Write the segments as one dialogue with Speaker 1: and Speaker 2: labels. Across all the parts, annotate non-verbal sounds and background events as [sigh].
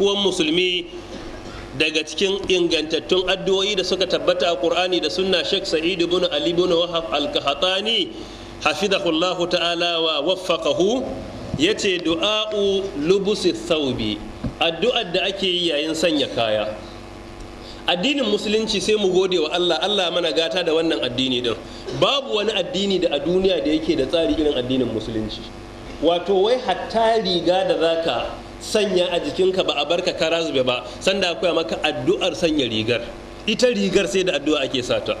Speaker 1: Kuwan musulmi daga cikin ingantattun addu'o'i da suka tabbata a Qur'ani da sunna Sheikh saidu ibn Ali ibn Wahab al-Qahtani hafizahullahu ta'ala wa waffaqahu yace du'a'u lubusi thawbi addu'ar da ake yi yayin sanya kaya addinin musulunci sai mu gode wa Allah Allah mana gata da wannan addini din babu wani addini da a duniya da yake da tsari irin addinin musulunci wato wai hatta riga da zaka sanya a jikinka ba a barka kara zube ba sanda akwai maka addu'ar sanya rigar ita rigar sai da addu'a ake sata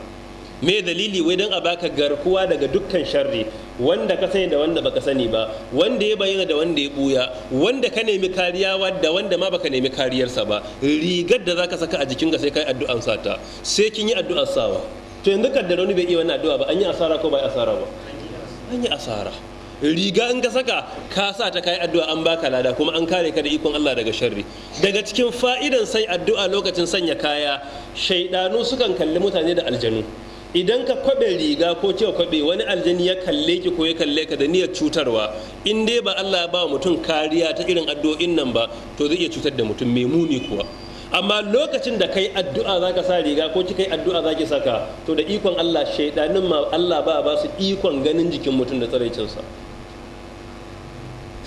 Speaker 1: me dalili wai don a baka garkuwa daga dukkan sharri wanda ka sani da wanda baka sani ba wanda ya bayyana da wanda ya buya wanda ka nemi kariya da wanda ma baka nemi kariyarsa ba rigar da zaka saka a jikinka sai kai addu'an sata sai kin yi addu'ar sawa to yanzu kaddara wani bai iya wannan addu'a ba an yi asara ko ba asara ba an yi asara riga in ka saka ka sa ta kai addu'a an baka lada kuma an kare ka da ikon Allah daga sharri daga cikin fa'idan sai addu'a lokacin sanya kaya shaidanu sukan kalli mutane da aljanu idan ka kwabe riga ko cewa kwabe wani aljani ya kalle ki ko ya kalle ka da niyyar cutarwa in dai ba Allah ba mutum kariya ta irin addu'o'in nan ba to zai iya cutar da mutum mai muni kuwa amma lokacin da kai addu'a zaka sa riga ko kika addu'a zaki saka to da ikon Allah shaidanin ma Allah ba ba su ikon ganin jikin mutum da tsaraicinsa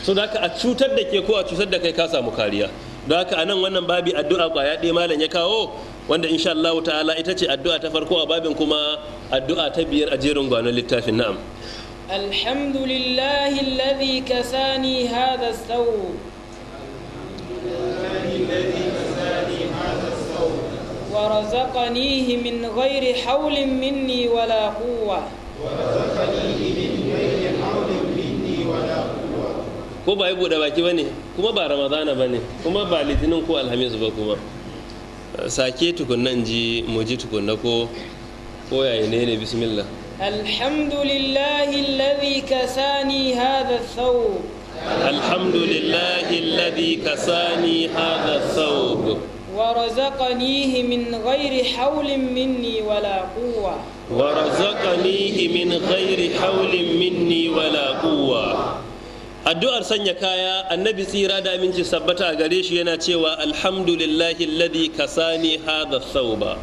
Speaker 1: so da a cutar da ke ko a cutar da kai ka samu kariya da haka anan wannan babi addu'a kwaya ɗaya malam ya kawo wanda insha Allah ta'ala ita ce addu'a ta farko a babin kuma addu'a ta biyar a jerin gwanon littafin na'am
Speaker 2: alhamdulillahi لله الذي كساني هذا ورزقنيه من غير حول مني ولا قوة ورزقنيه من غير
Speaker 1: ko ba ya buɗe baki ba ne kuma ba ramadana ba ne kuma ba litinin ko alhamis ba kuma sake tukunan ji mu ji tukunna ko ko yayi ne ne bismillah
Speaker 2: alhamdulillahi alladhi kasani hadha thawb
Speaker 1: alhamdulillahi alladhi kasani hadha thawb
Speaker 2: ورزقنيه من غير حول مني ولا قوة
Speaker 1: ورزقنيه من غير حول مني ولا قوة addu'ar sanya kaya annabi tsira da aminci sabbata a gare shi yana cewa alhamdulillahi alladhi kasani hadha thawba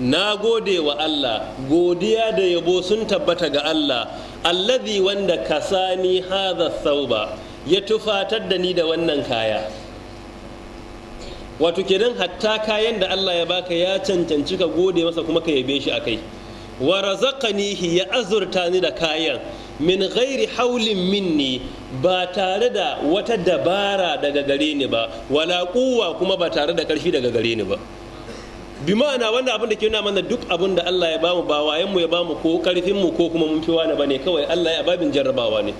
Speaker 1: na gode wa Allah godiya da yabo sun tabbata ga Allah alladhi wanda kasani hadha thawba ya tufatar da ni da wannan kaya wato kenan hatta kayan da Allah ya baka ya cancanci ka gode masa kuma ka yabe shi akai wa razaqanihi ya azurta ni da kayan min ghairi haulin minni ba tare da wata dabara daga gare ni ba wala kuwa kuma ba tare da karfi daga gare ni ba bi ma'ana wanda abin da ke nuna mana duk abin da Allah ya bamu ba wayan mu ya bamu ko karfin mu ko kuma mun fi wani bane kawai Allah ya babin jarrabawa ne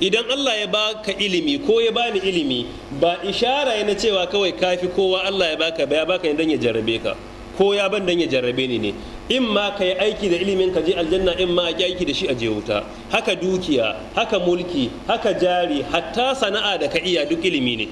Speaker 1: idan Allah ya baka ilimi ko ya bani ilimi ba ishara yana cewa kawai kafi kowa Allah ya baka ba ya baka dan ya jarrabe ka ko ya ban dan ya jarrabe ni ne in ma ka yi aiki da ilimin ka je aljanna in ma ki aiki da shi a je wuta haka dukiya haka mulki haka jari hatta sana'a da ka iya duk ilimi ne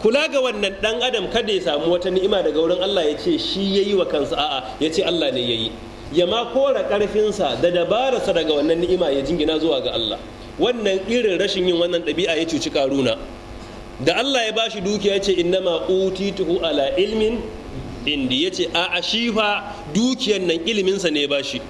Speaker 1: kula ga wannan dan adam kada ya samu wata ni'ima daga wurin Allah ya ce shi yayi wa kansa a'a ya ce Allah ne yayi ya ma kora karfinsa da dabararsa daga wannan ni'ima ya jingina zuwa ga Allah wannan irin rashin yin wannan ɗabi'a ya cuci karuna da Allah ya bashi dukiya ya ce innama utituhu ala ilmin inda ya ce a shi fa dukiyar nan iliminsa ne ba shi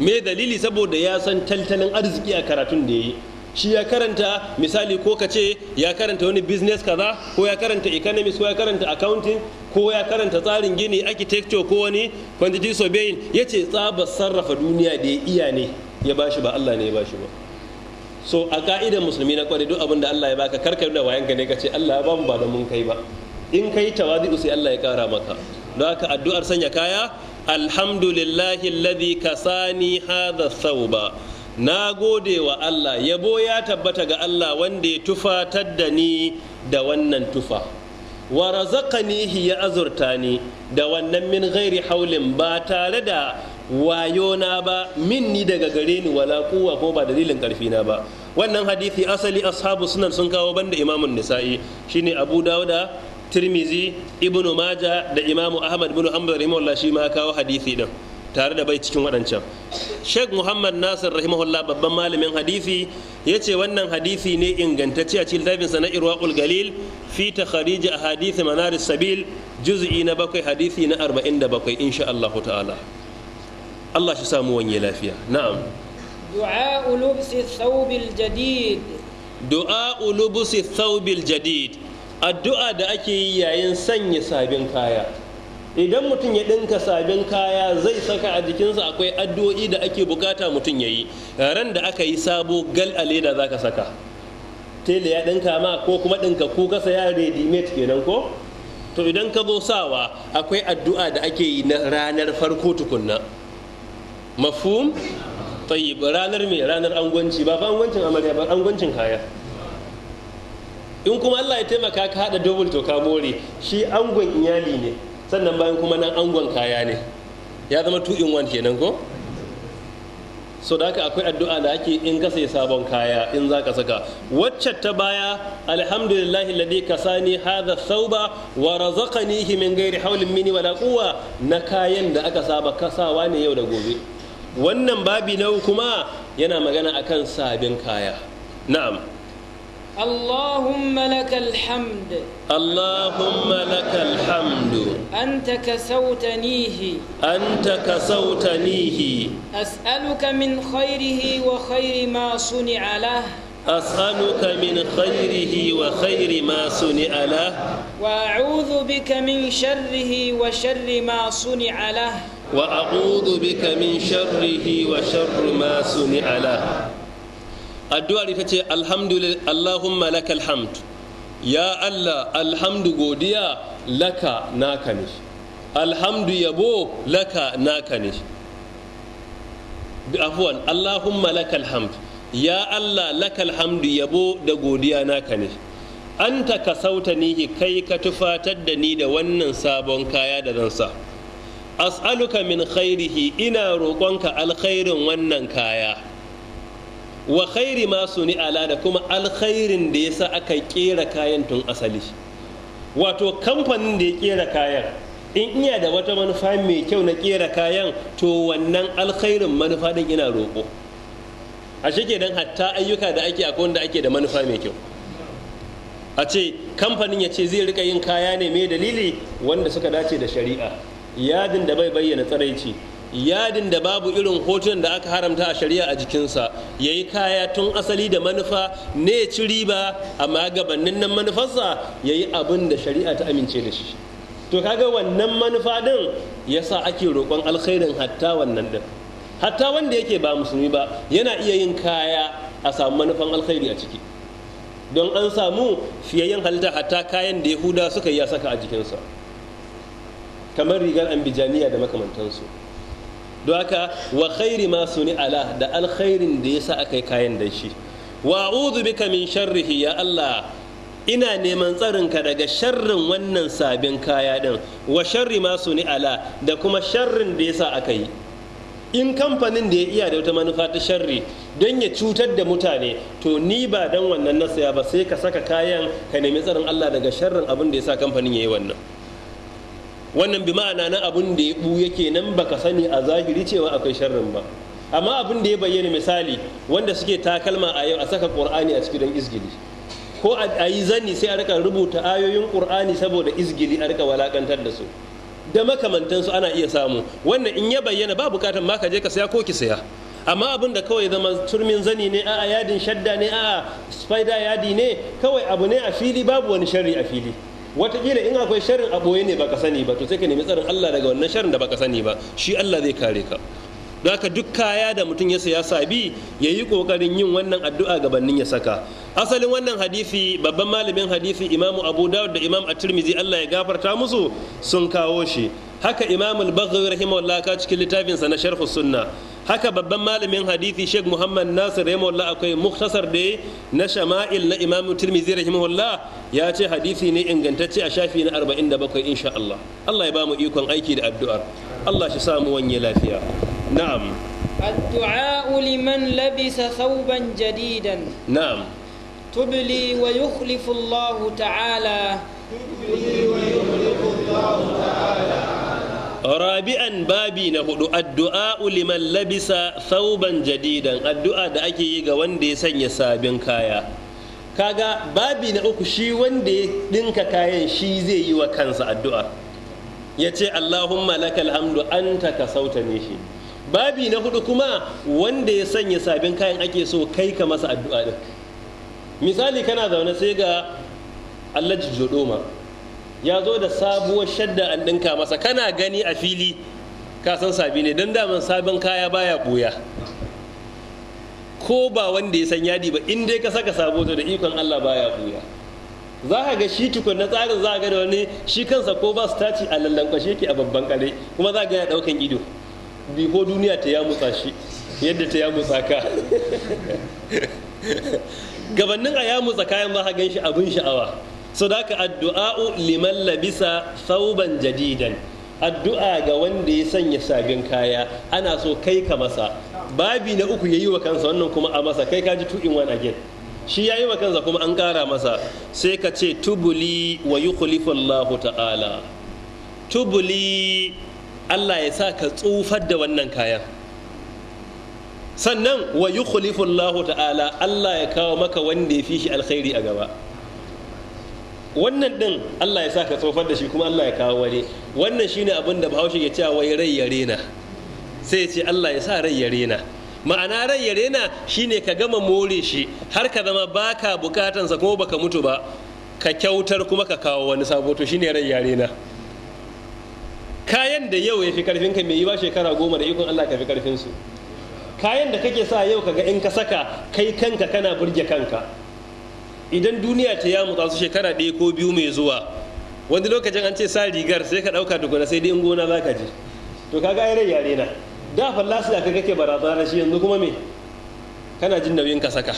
Speaker 1: me dalili saboda ya san tattalin arziki a karatun da ya yi shi ya karanta misali ko ka ce ya karanta wani business kaza ko ya karanta economics ko ya karanta accounting ko ya karanta tsarin gini architecture ko wani quantity surveying ya ce tsabar sarrafa duniya da ya iya ne ya bashi ba Allah ne ya bashi ba so a ka'idar musulmi na kwarai duk abin Allah ya baka karkar da wayanka ne ka ce Allah ya bamu ba da mun kai ba in kai tawazi' sai Allah ya kara maka don haka addu'ar sanya kaya alhamdulillahi alladhi kasani hadha thawba na gode wa Allah yabo ya tabbata ga Allah wanda ya tufatar da ni da wannan tufa wa razaqanihi ya azurta ni da wannan min ghairi haulin ba tare da wayona ba minni daga gare ni wala kuwa ko ba dalilin karfi na ba wannan hadisi asali ashabu sunan sun kawo banda imamun nisa'i shine abu dauda tirmizi ibnu maja da imamu ahmad ibnu hanbal rahimahullah shi ma kawo hadisi din tare da bai cikin waɗancan sheikh muhammad nasir rahimahullah babban malamin hadisi ya ce wannan hadisi ne ingantacce a cikin littafinsa na irwaƙul galil fi ta kharija a hadisi manar sabil juz'i na bakwai hadisi na arba'in da bakwai insha Allah ta'ala Allah shi samu wani lafiya na'am du'a ulubusi thawbil jadid du'a ulubusi thawbil jadid addu'a da ake yi yayin sanya sabin kaya idan mutum ya ɗinka sabin kaya zai saka a jikinsa akwai addu'o'i da ake bukata mutum ya yi ran da aka yi sabo gal a leda za ka saka tele ya ɗinka ma ko kuma ɗinka ku kasa ya redimate kenan ko to idan ka zo sawa akwai addu'a da ake yi na ranar farko tukunna mafhum tayyib ranar me ranar angwanci ba fa angwancin amarya ba angwancin kaya in kuma Allah ya taimaka ka haɗa dubul to ka more shi angon iyali ne sannan bayan kuma nan angon kaya ne ya zama two in one kenan ko so da haka akwai addu'a da ake in ka sai sabon kaya in za ka saka wacce ta baya alhamdulillahi alladhi kasani hadha thawba wa razaqanihi min ghairi hawlin minni wala quwwa na kayan da aka saba kasawa ne yau da gobe wannan babi na kuma yana magana akan sabin kaya na'am
Speaker 2: اللهم لك الحمد
Speaker 1: اللهم لك الحمد
Speaker 2: أنت كسوتنيه
Speaker 1: أنت كسوتنيه
Speaker 2: أسألك من خيره وخير ما صنع له
Speaker 1: أسألك من خيره وخير ما صنع له
Speaker 2: وأعوذ بك من شره وشر ما صنع له
Speaker 1: وأعوذ بك من شره وشر ما صنع له addu'ar ita ce alhamdulillah allahumma lakal hamd ya allah alhamdu godiya laka naka ne alhamdu yabo laka naka ne afuwan allahumma lakal alhamd ya allah lakal hamdu yabo da godiya naka ne an ta ka sauta nihi kai ka tufatar da ni da wannan sabon kaya da zan sa as'aluka min khairihi ina roƙonka alkhairin wannan kaya wa khairi ma suni ala da kuma alkhairin da ya sa aka kera kayan tun asali wato kamfanin da ya kera kayan in iya da wata manufa mai kyau na kera kayan to wannan alkhairin manufa din ina roƙo a shike dan hatta ayyuka da ake akwai wanda ake da manufa mai kyau a ce kamfanin ya ce zai rika yin kaya ne mai dalili wanda suka dace da shari'a yadin da bai bayyana tsaraici yadin da babu irin hotunan da aka haramta a shari'a a jikinsa ya yi kaya tun asali da manufa ne ci riba amma gabanin nan manufarsa ya yi abin da shari'a ta amince da shi to kaga wannan manufa din ya sa ake roƙon alkhairin hatta wannan din hatta wanda yake ba musulmi ba yana iya yin kaya a samu manufan alkhairi a ciki don an samu fiyayyen halitta hatta kayan da yahuda suka yi a saka a jikinsa kamar rigar ambijaniya da makamantansu don haka wa khairi masu ni ala da alkhairin da ya sa aka yi kayan da shi wa a'udhu bika min sharrihi ya Allah ina neman tsarinka daga sharrin wannan sabin kaya din wa sharri ma ni ala da kuma sharrin da ya sa aka yi in kamfanin da ya iya da wata manufa ta sharri don ya cutar da mutane to ni ba dan wannan na saya ba sai ka saka kayan ka nemi tsarin Allah daga sharrin abin da ya sa kamfanin ya yi wannan wannan bi ma'ana na abun da ya ɓuya kenan baka sani a zahiri cewa akwai sharrin ba amma abin da ya bayyana misali wanda suke takalma a yau a saka ƙur'ani a cikin izgili ko a yi zani sai a rika rubuta ayoyin ƙur'ani saboda izgili a rika walakantar da su da makamantansu ana iya samu wannan in ya bayyana ba bukatan ma ka je ka saya ko ki saya amma abin da kawai zama turmin zani ne a'a yadin shadda ne a'a spider yadi ne kawai abu ne a fili babu wani sharri a fili watakila in akwai sharin a boye ne baka sani ba to sai ka nemi tsarin Allah daga wannan sharin da baka sani ba shi Allah zai kare ka don haka duk kaya da mutum ya saya sabi ya yi kokarin yin wannan addu'a gabanin ya saka asalin wannan hadisi babban malamin hadisi imamu abu dawud da imam at-tirmidhi Allah ya gafarta musu sun kawo shi haka imam al-baghawi rahimahullah ka cikin littafinsa na sharh sunna haka babban malamin hadithi sheikh muhammad nasir rahimahullah akwai muktasar da na shama'il na imam tirmidhi rahimahullah ya ce hadithi ne ingantacce a shafi na 47 insha Allah Allah ya bamu ikon aiki da addu'ar Allah shi samu wanye lafiya na'am
Speaker 2: الدعاء لمن لبس ثوبا جديدا wa تبلي ويخلف
Speaker 1: rabi'an babi na hudu addu'a liman labisa sauban jadidan addu'a da ake yi ga wanda ya sanya sabin kaya kaga babi na uku shi wanda ya dinka kayan shi zai yi wa kansa addu'a ya ce allahumma lakal hamdu anta ka sauta ne shi babi na hudu kuma wanda ya sanya sabin kayan ake so kai ka masa addu'a din misali kana zaune sai ga allah jodoma ya zo da sabuwar shadda an dinka masa kana gani a fili ka san sabi ne don daman sabon kaya baya buya ko ba wanda ya san yadi ba in dai ka saka sabo da ikon Allah baya buya za ka ga shi tukun na tsarin za ga da wani shi kansa ko ba su taci a lallankwashe ke a babban kare kuma za ga ya daukan ido ko duniya ta ya mutsa shi yadda ta ya mutsa ka [laughs] gabanin a ya mutsa kayan za ka gan shi abin sha'awa so da ka addu'a'u liman labisa sauban jadidan addu'a ga wanda ya sanya sabin kaya ana so kai ka masa babi na uku yi wa kansa wannan kuma a masa kai ka ji in one again shi ya yi wa kansa kuma an kara masa sai ka ce tubuli wa yukhlifu ta'ala tubuli Allah ya sa ka tsufar da wannan kayan sannan wa yukhlifu ta'ala Allah ya kawo maka wanda ya fi shi alkhairi a gaba wannan din Allah ya sa ka tsofar da shi kuma Allah ya kawo wani wannan shine abin da Bahaushe ya ce wai rai ya rena sai ya ce Allah ya sa rai ya rena ma'ana rai ya rena shine ka gama more shi har ka zama baka bukatansa kuma baka mutu ba ka kyautar kuma ka kawo wani sabo to shine rai ya rena kayan da yau ya fi karfin ka mai yi ba shekara goma da ikon Allah ka fi karfin kayan da kake sa yau kaga in ka saka kai kanka kana burge kanka idan duniya ta ya mutsa su shekara ɗaya ko biyu mai zuwa wani lokacin an ce sa rigar sai ka ɗauka tukuna sai dai in gona za ka je to kaga ga rai yare na da su ka kake barazana shi yanzu kuma me kana jin nauyin ka saka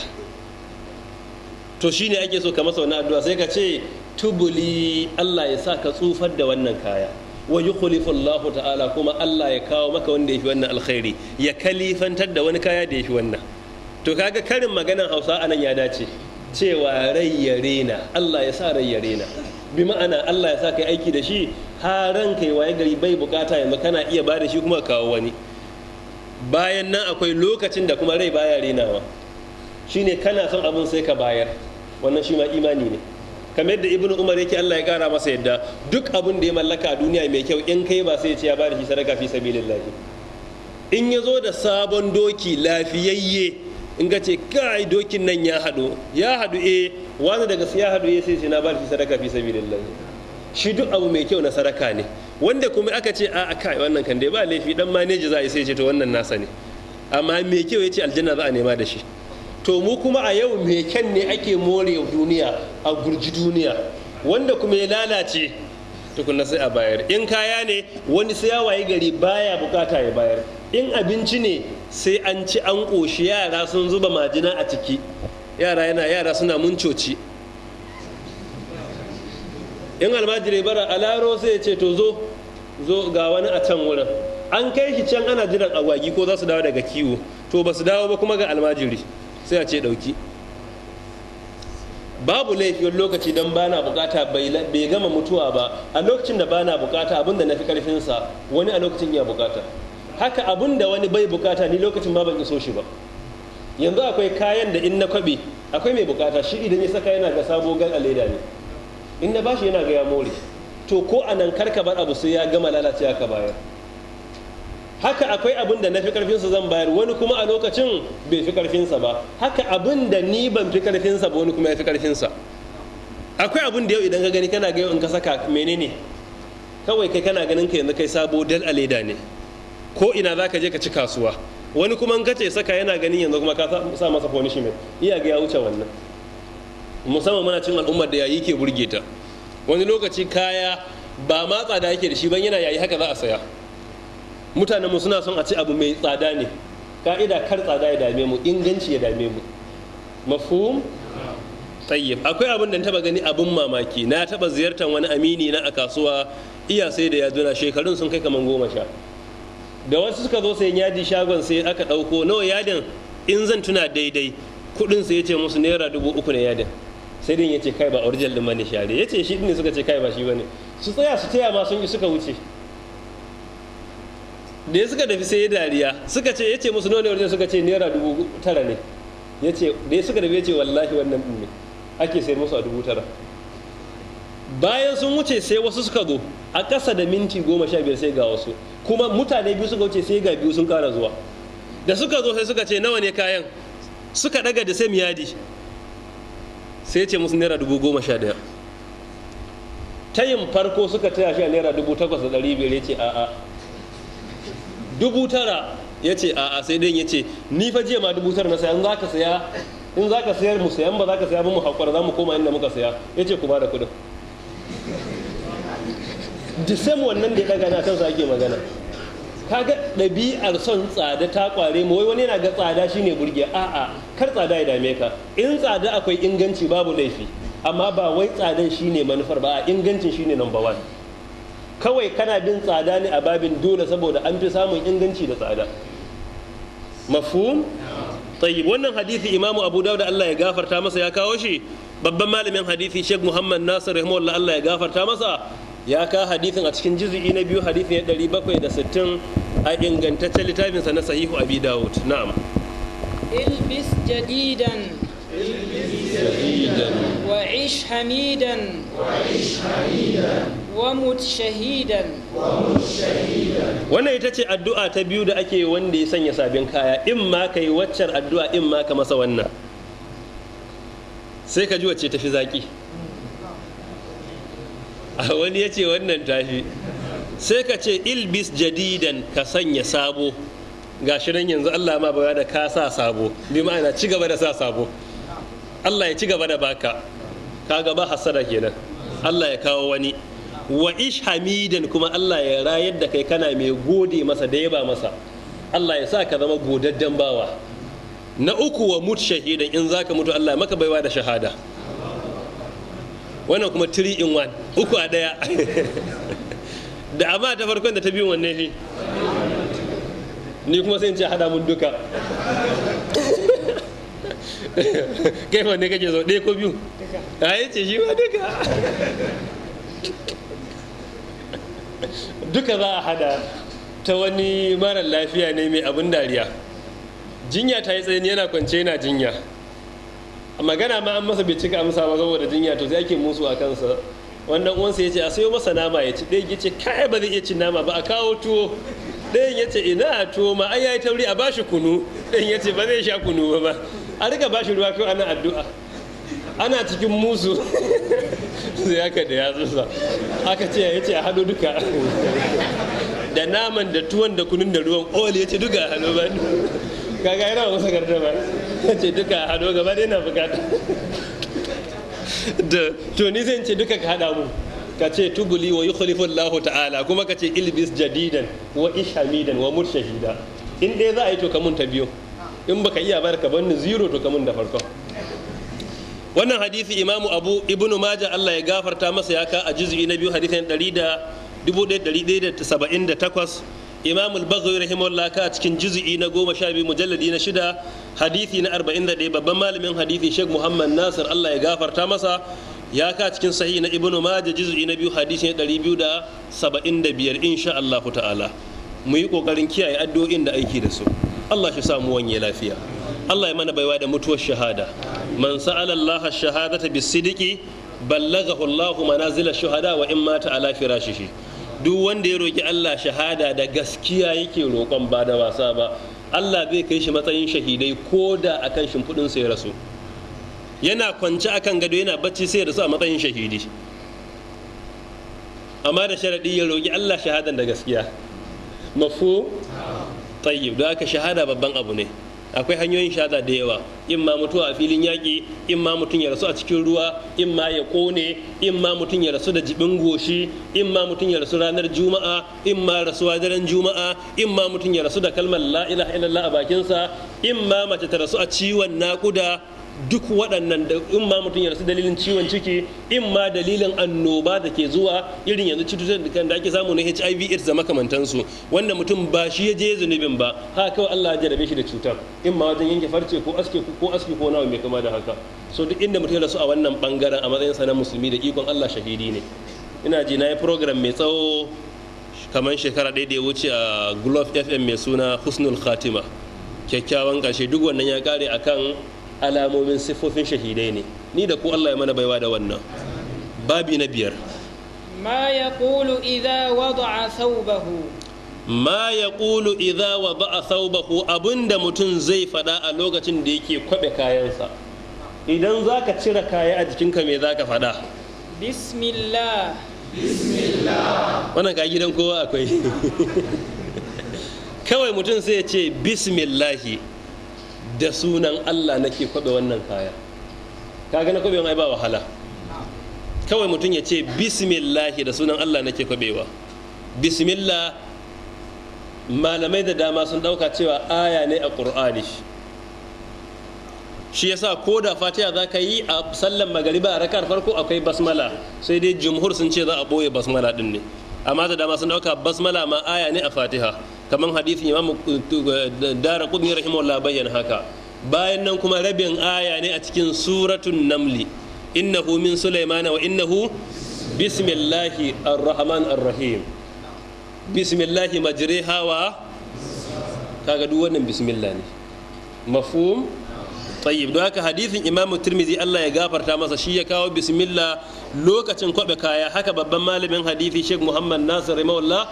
Speaker 1: to shine ake so ka masa wani addu'a sai ka ce tubuli Allah ya sa ka tsufar da wannan kaya wa yukhlifu ta'ala kuma Allah ya kawo maka wanda ya fi wannan alkhairi ya kalifantar da wani kaya da ya fi wannan to kaga karin maganan Hausa anan ya dace cewa rai ya rena Allah ya sa rai ya rena bi ma'ana Allah ya sa kai aiki da shi har ran ya waye gari bai bukata yanzu kana iya ba da shi kuma kawo wani bayan nan akwai lokacin da kuma rai baya renawa shine kana son abin sai ka bayar wannan shi ma imani ne kamar yadda ibnu umar yake Allah ya kara masa yadda duk abin da ya mallaka a duniya mai kyau in kai ba sai ya ce ya ba da shi sadaka fi sabilillah in ya zo da sabon doki lafiyayye in ka ce kai dokin nan ya haɗu ya haɗu eh wani daga su ya haɗu eh sai na ba shi sadaka fi sabilillah shi duk abu mai kyau na sadaka ne wanda kuma aka ce a kai wannan kan dai ba laifi dan manaja za a yi sai ce to wannan nasa ne amma mai kyau ya ce aljanna za a nema da shi to mu kuma a yau mai kyan ne ake more duniya a gurji duniya wanda kuma ya lalace tukunna sai a bayar in kaya ne wani sai ya wayi gari baya bukata ya bayar in abinci ne sai an ci an ƙoshi yara sun zuba majina a ciki yara yana yara suna muncoci in almajiri bara a laro sai ya ce to zo zo ga wani a can wurin an kai shi can ana jiran agwagi ko za su dawo daga kiwo to ba su dawo ba kuma ga almajiri sai a ce ɗauki babu laifin lokaci don bana bukata bai gama mutuwa ba a lokacin da bana bukata abinda na fi karfinsa wani a lokacin ya bukata haka abun da wani bai bukata ni lokacin ma ban iso shi ba yanzu akwai kayan da in na kwabe akwai mai bukata shi idan ya saka yana ga sabo gan a leda ne in na bashi yana ga ya more to ko a nan karka bar abu sai ya gama lalacewa ka bayar haka akwai abun da na fi karfinsa zan bayar wani kuma a lokacin bai fi karfinsa ba haka abun da ni ban fi karfinsa ba wani kuma ya fi karfinsa akwai abun da yau idan ka gani kana ga yau in ka saka menene kawai kai kana ganin ka yanzu kai sabo dal a leda ne ko ina za ka je ka ci kasuwa wani kuma ka ce saka yana ganin yanzu kuma ka sa masa punishment iya ga ya wuce wannan musamman muna cin al'ummar da yayi ke burge ta wani lokaci kaya ba ma tsada yake da shi ban yana yayi haka za a saya mutanen mu suna son a ci abu mai tsada ne ka'ida kar tsada ya dame mu inganci ya dame mu mafhum tayyib akwai abin da taba gani abin mamaki na taba ziyartar wani amini na a kasuwa iya sai da yaduna shekarun sun kai kaman goma sha da wasu suka zo sayan yadi shagon sai aka ɗauko nawa yadin in zan tuna daidai kuɗin sai ya ce musu naira dubu uku ne yadin sai din ya ce kai ba original ɗin bane share ya ce shi ne suka ce kai ba shi bane su tsaya su taya ma sun yi suka wuce da ya suka tafi sai ya dariya suka ce ya ce musu nawa ne suka ce naira dubu tara ne ya ce da ya suka tafi ya ce wallahi wannan ɗin ne ake sayar musu a dubu tara bayan sun wuce sai wasu suka zo a ƙasa da minti goma sha biyar sai ga wasu kuma mutane biyu suka wuce sai ga biyu sun ƙara zuwa da suka zo sai suka ce nawa ne kayan suka daga da sai miyadi sai ce musu naira dubu goma sha ɗaya tayin farko suka taya shi a naira dubu takwas da ɗari biyar ya ce a'a dubu tara ya ce a'a sai ɗin ya ce ni fa jiya ma dubu tara na sayan za ka saya in za ka sayar mu sayan ba za ka saya mu haƙura za mu koma inda muka saya ya ce ku ba da kuɗin disem wannan da ya daga na kansa ake magana kaga ɗabi'ar son tsada ta kware mu wai wani yana ga tsada shine burge a'a kar tsada ya dame ka in tsada akwai inganci babu laifi amma ba wai tsadan shine manufar ba a ingancin shine number one kawai kana bin tsada ne a babin dole saboda an fi samun inganci da tsada mafhum Tsayi. wannan hadisi imamu abu dawud Allah ya gafarta masa ya kawo shi babban malamin hadisi sheikh muhammad nasir rahimahullah Allah ya gafarta masa ya ka hadithin a cikin juz'i na biyu hadithin ya sittin a ingantaccen littafinsa na sahihu abi dawud na'am
Speaker 2: ilbis jadidan wa ish hamidan wa wa mut shahidan wa mut shahidan
Speaker 1: wannan ita ce addu'a ta biyu da ake wanda ya sanya sabin kaya in ma yi waccar addu'a in ma ka masa wannan sai ka ji wacce tafi zaki [laughs] wani ya ce wannan tafi sai ka ce ilbis jadidan ka sanya sabo ga shi nan yanzu Allah ma baya da ka sa sabo bi ma'ana ci gaba da sa sabo Allah ya ci gaba da baka ka gaba hasada kenan Allah ya kawo wani wa ish hamidan kuma Allah ya rayar da kai kana mai gode masa da yaba masa Allah ya sa ka zama godaddan bawa na uku wa mutu shahidan in zaka mutu Allah maka baiwa da shahada wannan kuma 3 in 1 uku a daya [laughs] da amma ta farkon da ta biyun wanne shi ni kuma sai in ce hada mun duka [laughs] kai wanne kake zo ɗaya ko biyu a yi ce shi ma duka duka za a hada ta wani marar lafiya ne mai abin dariya jinya ta yi tsayin yana kwance yana jinya magana ma an masa bai cika amsa ba saboda jinya to sai ake musu a kansa wannan uwansa ya ce a sayo masa nama ya ci ɗayan ya ce kai ba zai iya cin nama ba a kawo tuwo ɗayan ya ce ina tuwo ma ai yayi tauri a bashi kunu ɗayan ya ce ba zai sha kunu ba a riga bashi ruwa kawai ana addu'a ana cikin musu [laughs] sai aka da ya tsusa aka ce ya ce a hado duka da naman da tuwon da kunun da ruwan oli ya ce duka a hado ba kaga yana ba gardama ce duka a hado gaba dai na bukata da to ni zan ce duka ka hada mu ka ce tubuli wa yukhlifu Allahu ta'ala kuma ka ce ilbis jadidan wa ishamidan wa murshahida in dai za a yi to kamun ta biyu in baka iya bar ka banni zero to kamun da farko wannan hadisi imamu abu ibnu maja Allah ya gafarta masa ya ka a juz'i na biyu hadisin 100 1178 imam al-baghawi rahimahullah ka a cikin juz'i na goma sha biyu mujalladi na shida hadisi na arba'in da babban malamin hadisi sheikh muhammad nasir allah ya gafarta masa ya ka cikin sahi na ibnu maja juz'i na biyu hadisi na ɗari biyu da saba'in da biyar insha allahu ta'ala mu yi ƙoƙarin kiyaye addu'o'in da aiki da su allah shi samu wanye lafiya allah ya mana baiwa da mutuwar shahada man sa'ala allaha shahadata bisidiki ballagahu allahu manazila shuhada wa in mata ala firashihi duk wanda ya roƙi Allah shahada da gaskiya yake roƙon ba da wasa ba Allah zai kai shi matsayin shahidai ko da akan shimfiɗin sai rasu yana kwance kan gado yana bacci sai rasu a matsayin shahidi amma da sharaɗi ya roƙi Allah shahadan da gaskiya mafu tayyib don haka shahada babban abu ne akwai hanyoyin shada da yawa in ma mutuwa a filin yaƙi in ma mutum ya rasu a cikin ruwa in ma ya ƙone in ma mutum ya rasu da jibin goshi in ma mutum ya rasu ranar juma'a in ma rasuwa daren juma'a in ma mutum ya rasu da kalmar la'ila a bakinsa in ma mace ta rasu a ciwon naƙuda duk waɗannan da in ma mutum ya rasu dalilin ciwon ciki in ma dalilin annoba da ke zuwa irin yanzu cututtukan da ake samu na HIV AIDS da makamantansu wanda mutum ba shi ya je zunubin ba ha kawai Allah ya jarabe shi da cutar in ma wajen yanke farce ko aske ko aske ko nawa mai kama da haka so duk inda mutum ya rasu a wannan bangaren a matsayin sa na musulmi da ikon Allah shahidi ne ina ji na yi program mai tsawo kamar shekara ɗaya da ya wuce a Glove FM mai suna Husnul Khatima kyakkyawan ƙarshe duk wannan ya kare akan alamomin siffofin shahidai ne ni da ku Allah ya mana baiwa da wannan babi na biyar
Speaker 2: ma yaqulu idza wada'a thawbahu
Speaker 1: ma yaqulu idza abinda mutum zai fada a lokacin da yake kwabe kayansa idan za ka cire kaya a jikinka me ka fada
Speaker 2: bismillah
Speaker 1: bismillah wannan ka gidan kowa akwai [laughs] kawai mutum sai ya ce bismillahi da sunan Allah nake kwabe wannan kaya kaga na kwabe mai ba wahala kawai mutum ya ce bismillah da sunan Allah nake kwabewa bismillah malamai da dama sun dauka cewa aya ne a Kur'ani. shi yasa ko da fatiha za ka yi a sallan magariba a rakar farko akwai basmala sai dai jumhur sun ce za a boye basmala din ne amma da dama sun ɗauka basmala ma aya ne a fatiha kamar hadisin imam eh, eh, dara kudni rahimahullah bayyana haka bayan nan kuma rabin aya ne a cikin suratun namli innahu min sulaimana wa innahu bismillahi arrahman arrahim bismillahi majriha wa kaga duk wannan bismillah ne mafhum tayyib don haka hadisin imam tirmidhi Allah ya gafarta masa shi ya kawo bismillah lokacin kwabe kaya haka babban malamin hadisi sheikh muhammad nasir rahimahullah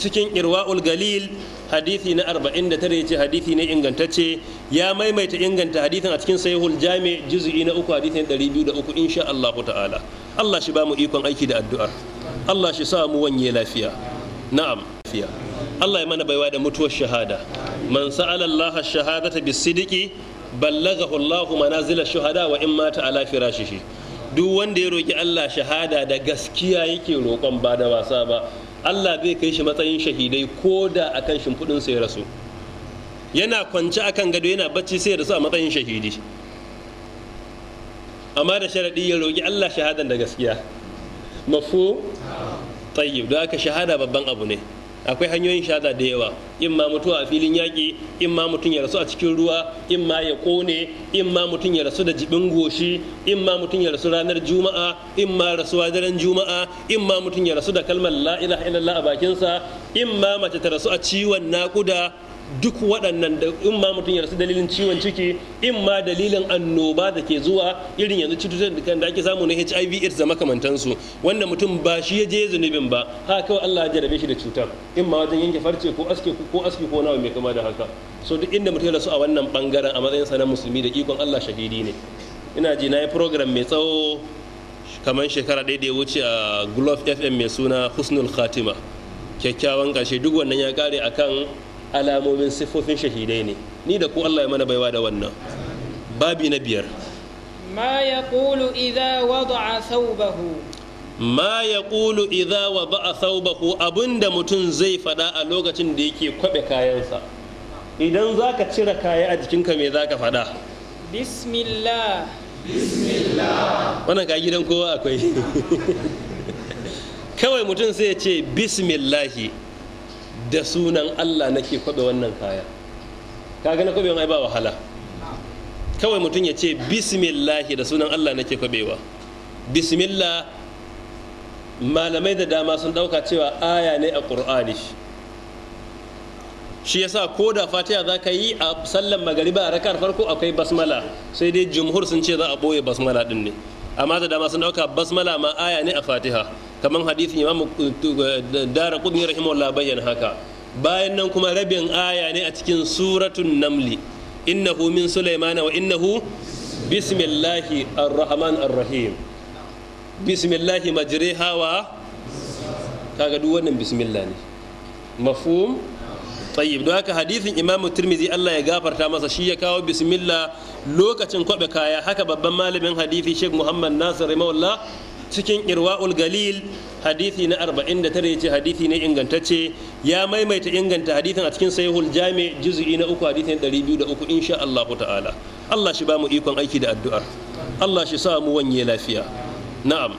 Speaker 1: cikin irwa'ul galil hadithi na 49 ya ce hadithi ne ingantacce ya maimaita inganta hadithin a cikin sahihul jami juz'i na uku hadithin 203 insha Allah ta'ala Allah shi ba mu ikon aiki da addu'a Allah shi sa mu wanye lafiya na'am lafiya Allah ya mana baiwa da mutuwar shahada man sa'ala Allah shahadata bisidiki ballagahu Allah manazila shuhada wa in mata ala firashihi duk wanda ya roki Allah shahada da gaskiya yake roƙon ba da wasa ba Allah zai kai shi matsayin shahidai ko da akan shimfiɗin ya rasu yana kwance akan gado yana bacci sai rasu a matsayin shahidi amma da sharaɗi ya roƙi Allah shahadan da gaskiya mafu tayyib don aka shahada babban abu ne akwai hanyoyin shada da yawa in ma mutuwa a filin yaƙi in ma mutum ya rasu a cikin ruwa in ma ya ƙone in ma mutum ya rasu da jibin goshi in ma mutum ya rasu ranar juma'a in ma rasuwa daren juma'a in ma mutum ya rasu da kalmar la ilaha a bakinsa in ma mace ta rasu a ciwon naƙuda duk waɗannan da in ma mutum ya rasu dalilin ciwon ciki in ma dalilin annoba da ke zuwa irin yanzu cututtukan da ake samu na HIV AIDS da makamantansu wanda mutum ba shi ya je zunubin ba ha kawai Allah ya shi da cutar in ma wajen yanke farce ko aske ko aski ko nawa mai kama da haka so duk inda mutum ya rasu a wannan bangaren a matsayin sa na musulmi da ikon Allah shahidi ne ina ji na yi program mai tsawo kamar shekara ɗaya da ya wuce a Glove FM mai suna Husnul Khatima kyakkyawan ƙarshe duk wannan ya kare akan alamomin siffofin shahidai ne ni da ku Allah ya mana baiwa da wannan babi na biyar
Speaker 2: ma yaqulu idza wada'a thawbahu
Speaker 1: ma yaqulu idza wada'a thawbahu abinda mutum zai fada a lokacin da yake kwabe kayansa idan zaka cire kaya a jikinka me zaka fada
Speaker 2: bismillah
Speaker 1: bismillah wannan ka gidan kowa akwai [laughs] kawai mutum sai ya ce bismillahi da sunan Allah nake kwabe wannan kaya kaga na kwabe mai ba wahala kawai mutum ya ce bismillah da sunan Allah nake kwabewa bismillah malamai da dama sun dauka cewa aya ne a qur'ani shi yasa ko da fatiha za ka yi a sallan magariba a rakar farko akwai basmala sai dai jumhur sun ce za a boye basmala din ne amma da dama sun ɗauka basmala ma aya ne a fatiha kamar hadisin imam eh, eh, dara kudni rahimahullah bayan haka bayan nan kuma rabin aya ne a cikin suratun namli innahu min sulaiman wa innahu bismillahi arrahman arrahim bismillahi majriha wa kaga duk wannan bismillah ne mafhum tayyib don haka hadisin imamu tirmidhi Allah ya gafarta masa shi ya kawo bismillah lokacin kwabe kaya haka babban malamin hadisi sheikh muhammad nasir rahimahullah cikin irwa'ul galil hadithi na 49 yace hadithi ne ingantacce ya maimaita inganta hadithin a cikin sahihul jami juz'i na uku hadithin 203 insha Allah ta'ala Allah shi ba mu ikon aiki da addu'a Allah shi sa mu wanye lafiya na'am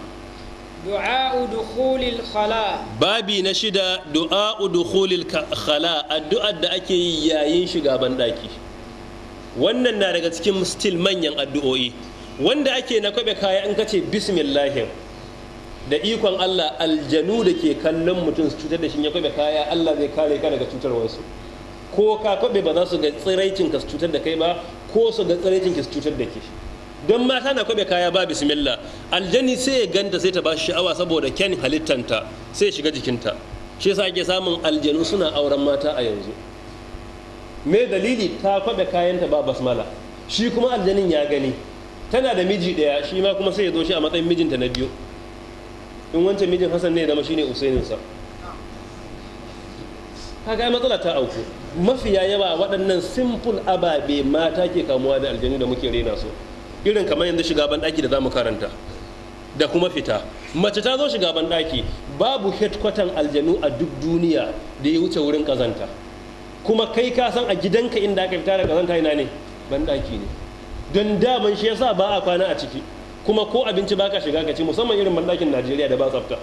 Speaker 2: du'a dukhulil khala
Speaker 1: babi na shida du'a dukhulil khala addu'ar da ake yi yayin shiga bandaki wannan na daga cikin still manyan addu'o'i wanda ake na kwabe kaya in kace ce da ikon Allah aljanu da ke kallon mutum su cutar da shi ya kwabe kaya Allah zai kare ka daga cutarwarsu ko ka kwabe ba za su ga tsiraicin ka su cutar da kai ba ko su ga tsiraicin ka su cutar da ke don mata na kwabe kaya ba bismillah aljani sai ya ganta sai ta ba sha'awa saboda ken halittanta sai shiga jikinta shi yasa ake samun aljanu suna auren mata a yanzu me dalili ta kwabe kayanta ba basmala shi kuma aljanin ya gani tana da miji daya shi ma kuma sai ya zo shi a matsayin mijinta na biyu in wancan mijin hasan ne ya zama sa usaininsa kaga matsala ta auku mafiya yawa waɗannan simple ababe mata ke kamuwa da aljanu da muke rena su irin kamar yanzu shiga banɗaki da za mu karanta da kuma fita mace ta zo shiga banɗaki babu headquarter aljanu a duk duniya da ya wuce wurin kazanta kuma kai ka san a gidanka inda aka fita da kazanta ina ne banɗaki ne don daman shi yasa ba a kwana a ciki kuma ko abinci baka shiga ka ci musamman irin mallakin najeriya da ba tsafta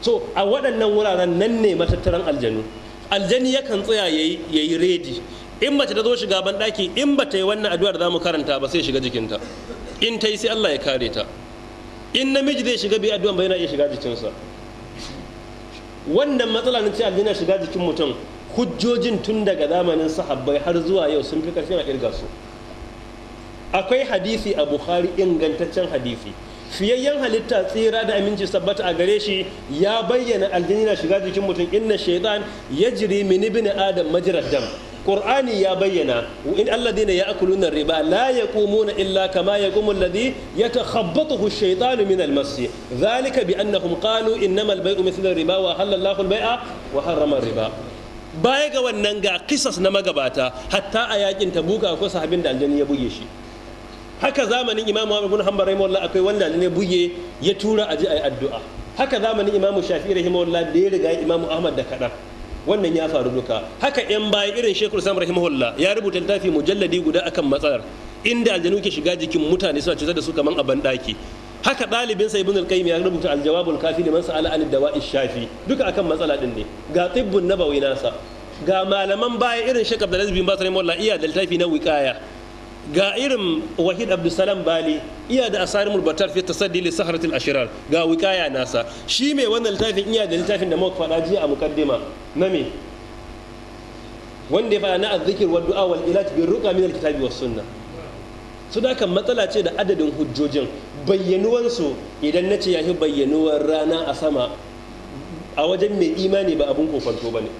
Speaker 1: so a waɗannan wuraren nan ne matattaran aljanu aljani yakan tsaya ya yi redi in bata ta zo shiga banɗaki in ba ta yi wannan addu'ar za mu karanta ba sai shiga jikinta in ta yi sai allah ya kare ta in namiji zai shiga bi addu'an ba yana iya shiga jikinsa wannan matsala na ce aljani shiga jikin mutum hujjojin tun daga zamanin sahabbai har zuwa yau sun fi karfin a kirga su akwai hadisi a bukhari ingantaccen hadisi fiyayyen halitta tsira da aminci sabbata a gare shi ya bayyana aljini na shiga jikin mutum inna shaitan ya jiri mini bin adam majirar dam qur'ani ya bayyana in alladhina ya'kuluna riba la yaqumuna illa kama yaqumu alladhi ya ash-shaytanu min al-mass dhalika bi annahum qalu innamal bay'u mithlu riba wa halalla Allahu al-bay'a wa harrama riba baya ga wannan ga kisas na magabata hatta a yakin tabuka akwai sahabin da aljani ya buge shi haka zamanin imam Muhammad bin Hanbal allah akwai wanda ne buge ya tura aji ayi addu'a haka zamanin imam Shafi'i allah da ya riga imam Ahmad da kadan wannan ya faru duka haka yan baya irin Sheikhul Islam allah ya rubuta littafi mujalladi guda akan matsalar inda aljanu ke shiga jikin mutane suna cutar da su kaman a bandaki haka ɗalibin sa ibn al-qayyim ya rubuta al-jawabul kafi liman sa'ala an dawa'i shafi duka akan matsala din ne ga tibbun nabawi nasa ga malaman baya irin Sheikh Abdulaziz bin Basri allah iya da littafi na wiqaya ga irin wahid abdulsalam bali iya da asari batar fi tasaddi li saharatil ashrar ga wikaya nasa shi mai wannan littafin iya da littafin da muka faɗa jiya a mukaddima na me wanda ya faɗa na azzikir wa du'a wal ilaj bi ruqa min alkitabi was sunnah su da kan matsala ce da adadin hujjojin bayyanuwansu idan na ce ya fi bayyanuwar rana a sama a wajen mai imani ba abun kofanto ba ne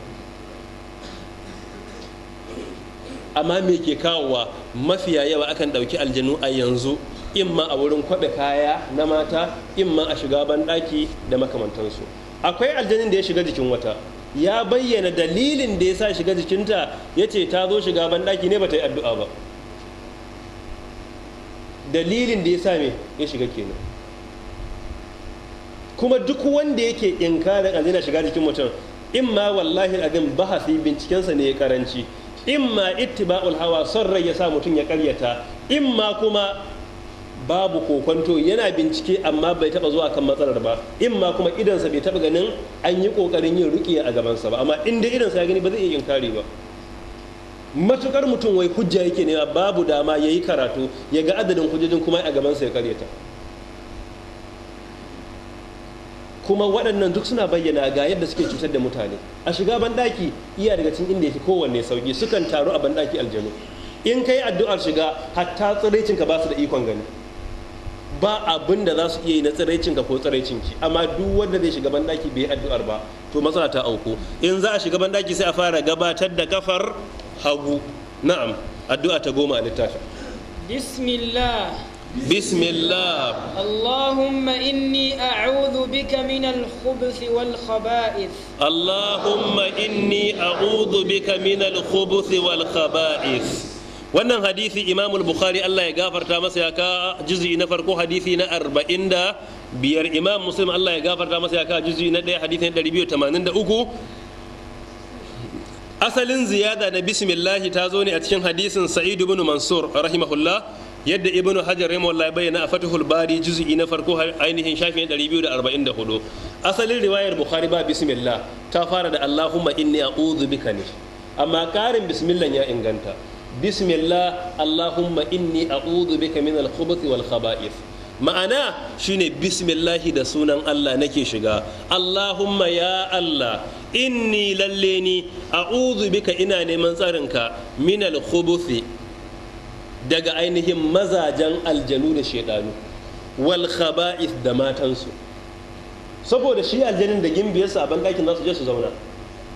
Speaker 1: amma me ke kawowa mafiya yawa akan ɗauki aljanu a yanzu in ma a wurin kwaɗa kaya na mata in ma a shiga banɗaki da makamantansu akwai aljanin da ya shiga jikin wata ya bayyana dalilin da ya sa shiga jikinta ya ce ta zo shiga banɗaki ne ba ta yi addu'a ba dalilin da ya sa me ya shiga kenan kuma duk wanda yake inkarin aljina shiga jikin mutum in ma wallahi abin bahasi bincikensa ne ya karanci imma ittiba'ul hawa son rai ya sa mutum ya karyata imma kuma babu kokonto yana bincike amma bai taba zuwa kan matsalar ba imma kuma idansa bai taba ganin an yi kokarin yin rukiya a gabansa ba amma inda idansa ya gani ba zai iya inkari ba matukar mutum wai hujja yake ne babu dama ya yi karatu ya ga adadin hujjojin kuma a gabansa ya karyata kuma waɗannan duk suna bayyana ga yadda suke cutar da mutane a shiga banɗaki iya daga cikin inda yake kowanne sauki sukan taru a banɗaki aljanu in kai addu'ar shiga hatta tsiraicin ka ba su da ikon gani ba abin da za su iya yi na tsiraicin ka ko tsiraicin ki amma duk wanda zai shiga banɗaki bai addu'ar ba to matsala ta auku in za a shiga banɗaki sai a fara gabatar da kafar hagu na'am addu'a ta goma a littafin
Speaker 2: bismillah
Speaker 1: بسم الله
Speaker 2: اللهم إني أعوذ بك من الخبث والخبائث
Speaker 1: اللهم إني أعوذ بك من الخبث والخبائث wannan hadithi imamul bukhari Allah ya gafarta masa ya ka juz'i na farko hadithi na arba'in da biyar imam muslim Allah ya gafarta masa ya ka juz'i na ɗaya hadisi na ɗari biyu tamanin da uku asalin ziyada na bismillahi ta zo ne a cikin hadisin Sa'idu bin mansur rahimahullah yadda ibnu hajar rahimahullah ya bayyana a fatihul bari juz'i na farko ainihin shafin hudu. asalin riwayar bukhari ba bismillah ta fara da allahumma inni a'udhu bika ne amma karin bismillah ya inganta bismillah allahumma inni a'udhu bika min al wal khaba'ith ma'ana shine bismillahi da sunan Allah nake shiga Allahumma ya Allah inni lalle ni a'udhu bika ina neman tsarinka min al daga ainihin mazajen aljanu da shaidanu wal khaba'is da matansu saboda shi aljanin da gimbiyarsa a banɗakin za su je su zauna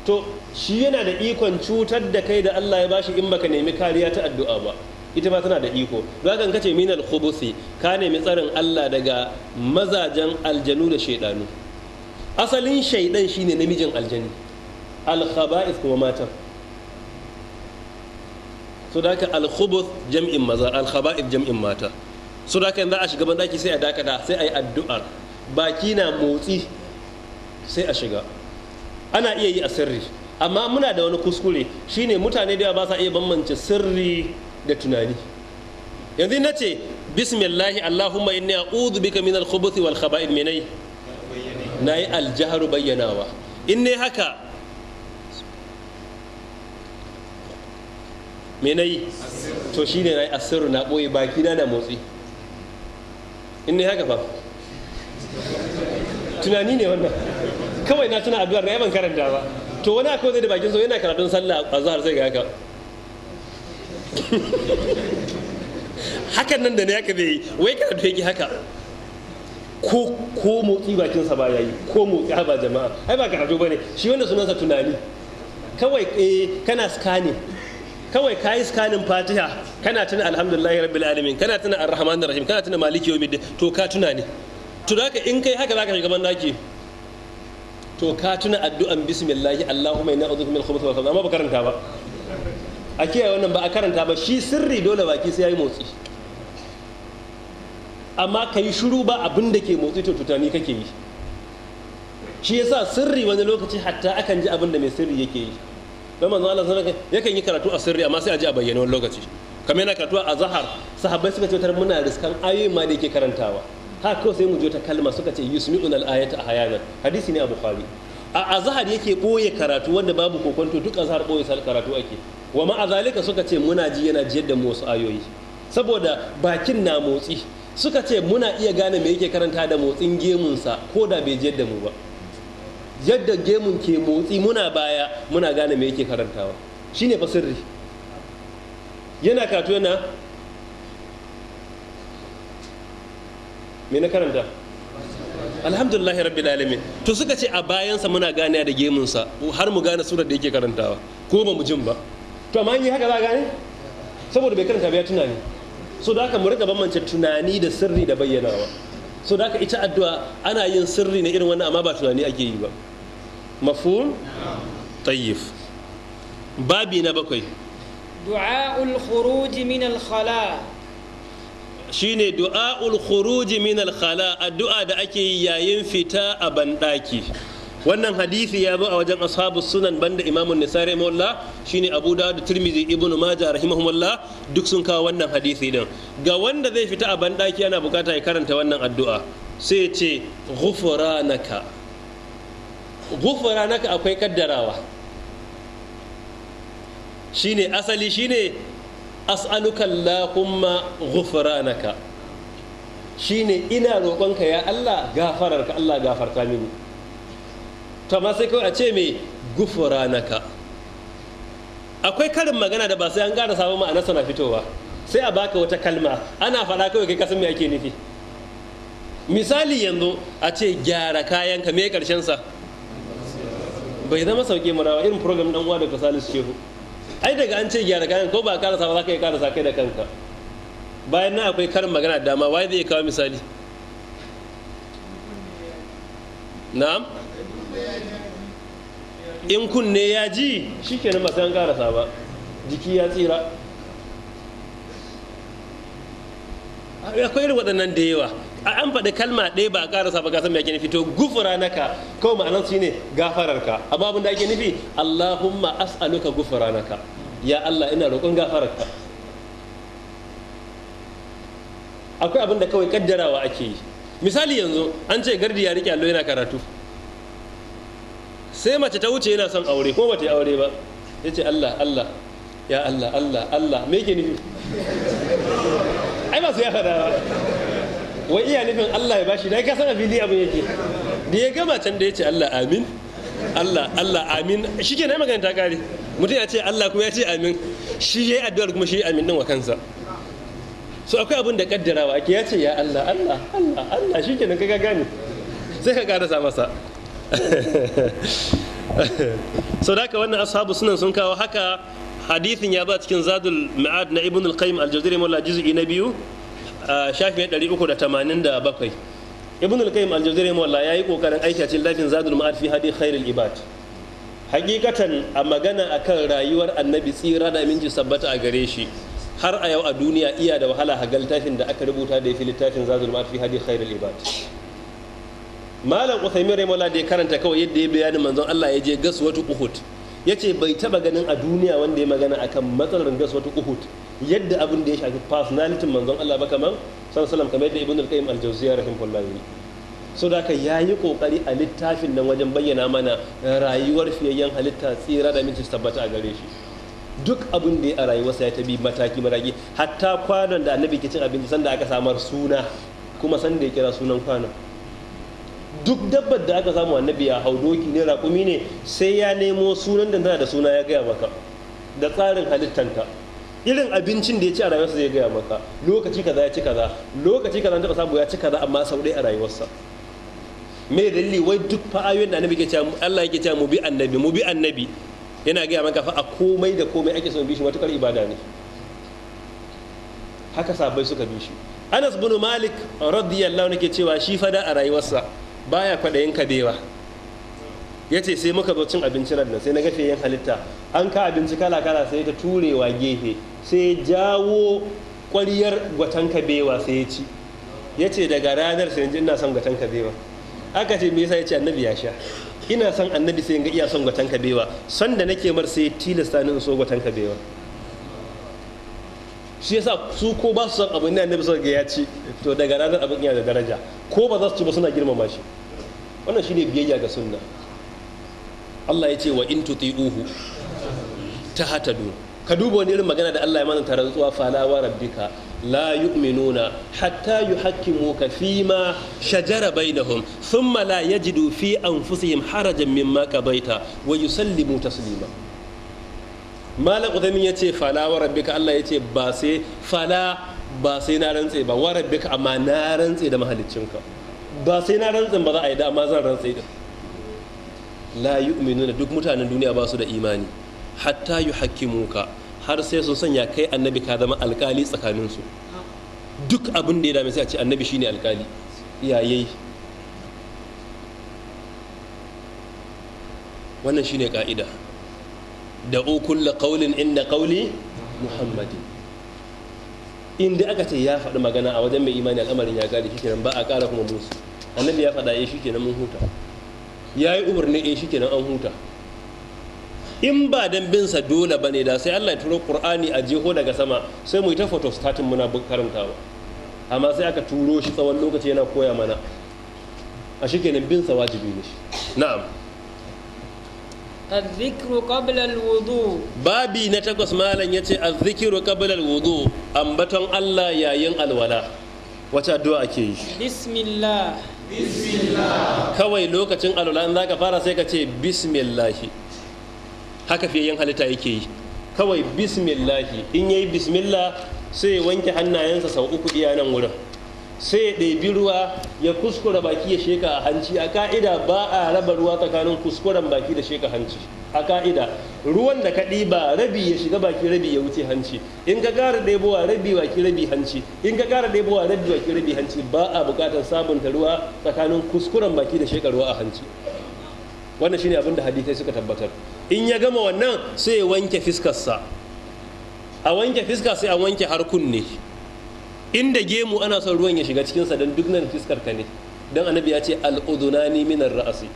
Speaker 1: to shi yana da ikon cutar da kai da Allah ya bashi in baka nemi kariya ta addu'a ba ita ma tana da iko don haka kace minal khubusi ka nemi tsarin Allah daga mazajen aljanu da shaidanu asalin shaidan shine namijin aljani al khaba'is kuma matan so da haka alkhubuth jam'in maza alkhaba'ith jam'in mata so da yanzu a shiga bandaki sai a dakata sai a yi addu'a baki na motsi sai a shiga ana iya yi a sirri amma muna da wani kuskure shine mutane da ba sa iya bambance sirri da tunani yanzu na ce bismillahi allahumma inni a'udhu bika min al wal khaba'ith menai nayi al-jahru bayyanawa in ne haka me na yi to shi ne na yi asiru na ɓoye baki na na motsi in ne haka fa tunani ne wannan kawai na tuna addu'ar na yaban karanta ba to wani akwai zai da bakin so yana karatun sallah a zahar sai ga haka hakan nan da ne haka bai yi wai karatu yake haka ko ko motsi bakinsa ba ya yi ko motsi ba jama'a ai ba karatu ba ne shi wanda sunansa tunani kawai eh, kana scanning kawai ka yi skanin fatiha kana tuna alhamdulillahi rabbil alamin kana tuna arrahman rahim kana tuna maliki yawmiddin to ka tuna ne to haka in kai haka zaka shiga mandaki to ka tuna addu'an bismillahi allahumma inna a'udhu min al-khubuth wal khabith amma ba karanta ba a kiyaye wannan ba a karanta ba shi sirri dole baki sai yayi motsi amma ka yi shiru ba abin da ke motsi to tutani kake yi shi yasa sirri wani lokaci hatta akan ji abin da mai sirri yake yi don manzo Allah sallallahu alaihi yakan yi karatu a sirri amma sai a ji a bayyane wani lokaci kamar yana karatu a zahar sahabbai suka ce muna riskan ayoyi ma da yake karantawa haka kawai sai mu je ta kalma suka ce yusmi'un al-ayata ahyana hadisi ne a bukhari a azhar yake boye karatu wanda babu kokonto duk azhar boye sal karatu ake wa ma azalika suka ce muna ji yana ji da mu wasu ayoyi saboda bakin na motsi suka ce muna iya gane me yake karanta da motsin gemunsa ko da bai jiyar da mu ba yadda gemun ke motsi muna baya muna gane me yake karantawa shine fa sirri yana kato yana me na karanta alhamdulillahi rabbil alamin to suka ce a bayansa muna gane da gemunsa har mu gane surar da yake karantawa ko ba mu jin ba to amma yi haka za a gane saboda bai karanta ba ya tunani so da haka mu rika bambance tunani da sirri da bayyanawa so da ita addu'a ana yin sirri ne irin wannan amma ba tunani ake yi ba mafhum tayyif babi na bakwai
Speaker 2: du'a'ul khuruj min al-khala
Speaker 1: shine du'a'ul khuruj min al-khala addu'a da ake yi yayin fita a bandaki wannan hadisi ya zo a wajen ashabu sunan banda imamun nisari mawalla shine abu da turmizi ibn majah rahimahumallah duk sun kawo wannan hadisi din ga wanda zai fita a banɗaki yana bukata ya karanta wannan addu'a sai ya ce ghufranaka ghufranaka akwai kaddarawa shine asali shine as'aluka allahumma ghufranaka shine ina roƙonka ya Allah gafararka Allah gafarta mini to amma sai kawai a ce mai gufuranaka akwai karin magana da ba sai an gara sabon ma'ana sana fitowa sai a baka wata kalma ana faɗa kawai kai kasan me ake nufi misali yanzu a ce gyara kayan ka me karshen sa bai zama sauke marawa irin program dan uwa da kasalis shehu ai daga an ce gyara kayan ko ba karasa ba za ka iya karasa kai da kanka bayan nan akwai karin magana dama wai zai kawo misali na'am in kunne ya ji shi ba sai an karasa ba jiki ya tsira akwai irin waɗannan da yawa A an faɗi kalma ɗaya ba a ƙarasa ba gasar mai ake nufi to gufura naka kawai ma'anar su ne gafararka amma abin da ake nufi allahumma as'aluka gufura naka ya allah ina roƙon gafararka akwai abin da kawai kaddarawa ake yi misali yanzu an ce gardi ya riƙe allo yana karatu sai mace ta wuce yana son aure ko bata yi aure ba ya ce Allah Allah ya Allah Allah Allah me ke nufi ai masu ya faɗa ba wai iya nufin Allah ya bashi da ka san fili abin yake da ya gama can da ya ce Allah amin Allah Allah amin shi ke na maganin ta mutum ya ce Allah kuma ya ce amin shi ya yi addu'ar kuma shi amin din wa kansa so akwai abin da kaddarawa ake ya ce ya Allah Allah Allah Allah shi ke nan ka gane sai ka karasa masa [laughs] so da haka wannan ashabu sunan sun kawo haka hadithin ya ba cikin zadul ma'ad na ibn al-qayyim al-jazari mawla juz'i na biyu shafi 387 ibn al-qayyim al-jazari mawla yayi kokarin aika cikin lafin zadul ma'ad fi hadi khairul ibad hakikatan a magana akan rayuwar annabi tsira da aminci sabbata a gare shi har a yau a duniya iya da wahala hagal tafin da aka rubuta da ya fi littafin zadul ma'ad fi hadi khairul ibad malam uthaymin rahimahullah da ya karanta kawai yadda ya bayani manzon Allah ya je gaswatu uhud yace bai taba ganin a duniya wanda ya magana akan matsalar gaswatu uhud yadda abin da ya shafi personality manzon Allah ba kaman sallallahu kamar yadda ibnu al-qayyim al so da ya yi kokari a littafin nan wajen bayyana mana rayuwar fiyayyen halitta tsira da minci tabbata a gare shi duk abin da ya a rayuwarsa ya tabi mataki maraki hatta kwanon da annabi ke cin abinci sanda aka samar suna kuma sanda ya kira sunan kwanon duk dabbar da aka samu annabi ya hau doki ne raƙumi ne sai ya nemo sunan da tana da suna ya gaya maka da tsarin halittanta irin abincin da ya ci a rayuwarsa zai gaya maka lokaci kaza ya ci kaza lokaci kaza ta samu ya ci kaza amma sau ɗaya a rayuwarsa me dalili wai duk fa'ayoyin da annabi ke cewa Allah yake cewa mu bi annabi mu bi annabi yana gaya maka fa a komai da komai ake son bi shi matukar ibada ne haka sabai suka bi shi Anas bin Malik radiyallahu anhu ke cewa shi fada a rayuwarsa baya kwaɗayin kabewa ya ce sai muka zo cin abinci nan sai na gafe yin halitta an ka abinci kala kala sai ta turewa gefe sai jawo ƙwariyar gwatan kabewa sai ya ci ya ce daga ranar sai ji ina son gwatan kabewa aka ce me yasa ya ce annabi ya sha ina son annabi sai ga iya son gwatan kabewa sanda da nake mar sai tilasta ni in so gwatan kabewa shi yasa su ko ba su san abin da annabi sallallahu ya ci to daga ranar abin yana da daraja ko ba za su ci ba suna girmama shi wannan shine biyayya ga sunna Allah ya ce wa in tuti'uhu tahtadu ka duba wani irin magana da Allah ya mananta rantsuwa fala wa rabbika la yu'minuna hatta yuhakkimuka ma shajara bainahum thumma la yajidu fi anfusihim harajan mimma qabaita wa yusallimu taslima malam uthaymin ya ce fala wa rabbika allah ya ce ba sai fala ba sai na rantse ba wa rabbika amma na rantse da mahaliccinka ba sai na rantse ba za a yi da amma zan rantse da la da duk mutanen duniya ba su da imani hatta yuhakkimuka har sai sun sanya kai annabi ka zama alkali tsakaninsu duk abin da ya dame sai a ce annabi shine alkali iyaye wannan shine ka'ida da ukulla kaulin inda qauli muhammadin inda aka ce ya faɗi magana a wajen mai imani al'amarin ya gari shi kenan ba a ƙara kuma musu annabi ya faɗa ya eh, shi kenan mun huta ya yi umarni ya eh, shi kenan an huta in ba dan binsa dole ba ne da sai Allah ya turo Qur'ani a jeho daga sama sai mu yi ta photostatin muna karantawa amma sai aka turo shi tsawon lokaci yana koya mana a shi kenan bin sa wajibi ne shi na'am
Speaker 2: azzikiru qablal
Speaker 1: wudu babi na takwas malam yace azzikiru qablal wudu ambaton Allah yayin alwala wace addu'a ake yi
Speaker 2: bismillah
Speaker 1: bismillah kawai lokacin alwala za zaka fara sai ka ce bismillah haka fiye yin halitta yake yi kawai bismillah in yayi bismillah sai wanke hannayensa sau uku iya nan wurin sai ya ɗebi ruwa ya kuskura baki ya sheka a hanci a ka'ida ba a raba ruwa tsakanin kuskuren baki da sheka hanci a ka'ida ruwan da kaɗi ɗiba rabi ya shiga baki rabi ya wuce hanci in ka ƙara ɗebowa rabi baki rabi hanci in ka ƙara ɗebowa rabi baki rabi hanci ba a buƙatar sabunta ruwa tsakanin kuskuren baki da sheka ruwa a hanci wannan shine abin da hadisai suka tabbatar in ya gama wannan sai ya wanke fiskarsa a wanke fiska sai a wanke har kunne inda gemu ana son ruwan ya shiga cikinsa don duk nan fiskar ka ne don annabi ya ce al'udunani minar ra'asi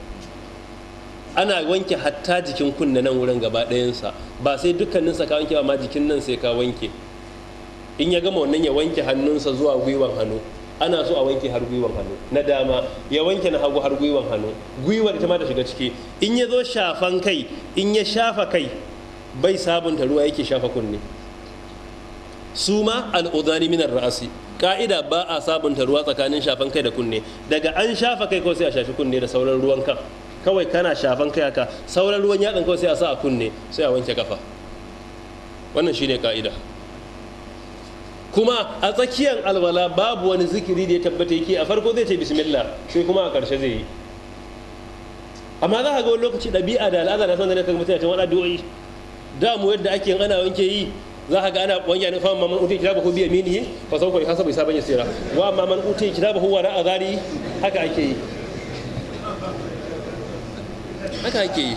Speaker 1: ana wanke hatta jikin kunne nan wurin gaba ɗayansa ba sai dukkaninsa ka wanke ba ma jikin nan sai ka wanke in ya gama wannan ya wanke hannunsa zuwa gwiwan hannu ana so a wanke har gwiwan hannu na dama ya wanke na hagu har gwiwan hannu gwiwar ta ma ta shiga ciki in ya zo shafan kai in ya shafa kai bai sabunta ruwa yake shafa kunne su ma al'udani minar ra'asi ka'ida ba a sabunta ruwa tsakanin shafan kai da kunne daga an shafa kai ko sai a shafi kunne da sauran ruwan kan kawai kana shafan kai haka sauran ruwan yatsan kawai sai a sa a kunne sai a wanke kafa wannan shine ka'ida kuma a tsakiyar alwala babu wani zikiri da ya tabbata yake a farko zai ce bismillah sai kuma a karshe zai yi amma za ka ga wani lokaci ɗabi'a da al'ada na sanar da ne mutum ya ce wani addu'o'i da mu yadda ake ana wanke yi za ka ga ana wanya ne fa biya mini ba bi yaminihi fa bai yuhasabu hisaban yasira wa maman man kitabu kitabahu wa ra'a zari haka ake yi haka ake yi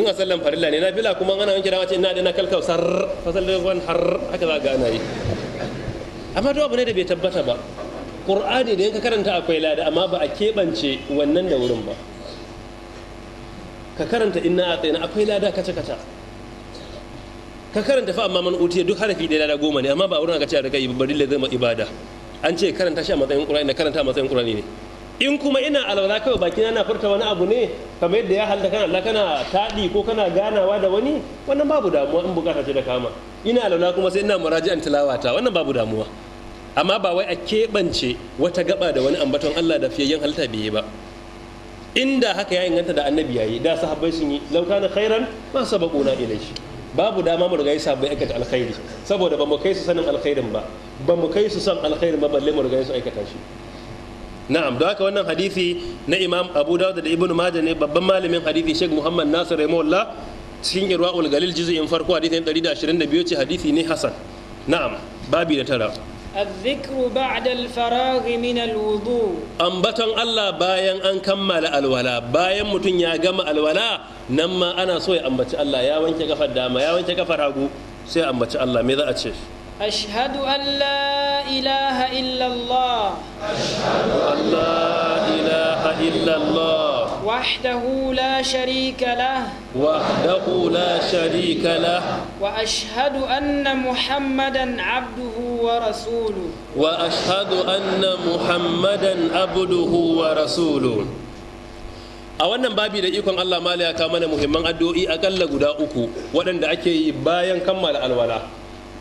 Speaker 1: in a sallan farilla ne na bila kuma ana wanke dawa wace ina da na kalkau sar fa sallan har haka za ga ana yi amma duk abu ne da bai tabbata ba qur'ani da yanka karanta akwai lada amma ba a keɓance wannan da wurin ba ka karanta inna a akwai lada kaca kaca ka karanta fa amma man utiya duk harafi ɗaya da goma ne amma ba wurin aka ce a ba bari da zama ibada an ce karanta shi a matsayin ƙur'ani na karanta a matsayin ƙur'ani ne in kuma ina alwala kawai bakina na furta wani abu ne kamar yadda ya halta kana kana taɗi ko kana ganawa da wani wannan babu damuwa in bukata ce da kama ina alwala kuma sai ina muraji'an tilawata wannan babu damuwa amma ba wai a keɓance wata gaba da wani ambaton Allah da fiyayyen halitta bai yi ba inda haka ya inganta da annabi yayi da sahabbai sun yi na khairan ma sabaquna ilayhi babu dama mu rigayi sabai aikata alkhairi saboda ba mu kai su sanin alkhairin ba ba mu kai su san alkhairin ba balle mu rigayi su aikata shi na'am da haka wannan hadisi na imam abu dawud da ibnu majah ne babban malamin hadisi sheikh muhammad nasir rahimahullah cikin irwaul galil juz'in farko hadisin 122 ce hadisi ne hasan na'am babi da tara
Speaker 2: الذكر بعد الفراغ من الوضوء
Speaker 1: أنبتن الله باين أن كمل الولاء باين متن يا جمع الولاء nan ma ana so ya ambaci Allah ya wanke kafar dama ya wanke kafar hagu sai ambaci Allah me za a ce
Speaker 2: ashhadu an la ilaha illallah
Speaker 1: ashhadu an la ilaha illallah
Speaker 2: وحده لا شريك له
Speaker 1: wa لا
Speaker 2: anna له abduhu wa محمدا wa ورسوله
Speaker 1: anna أن abduhu wa ورسوله a wannan babi da ikon Allah mala ya ka mana muhimman addu'o'i akalla guda uku waɗanda ake yi bayan kammala alwala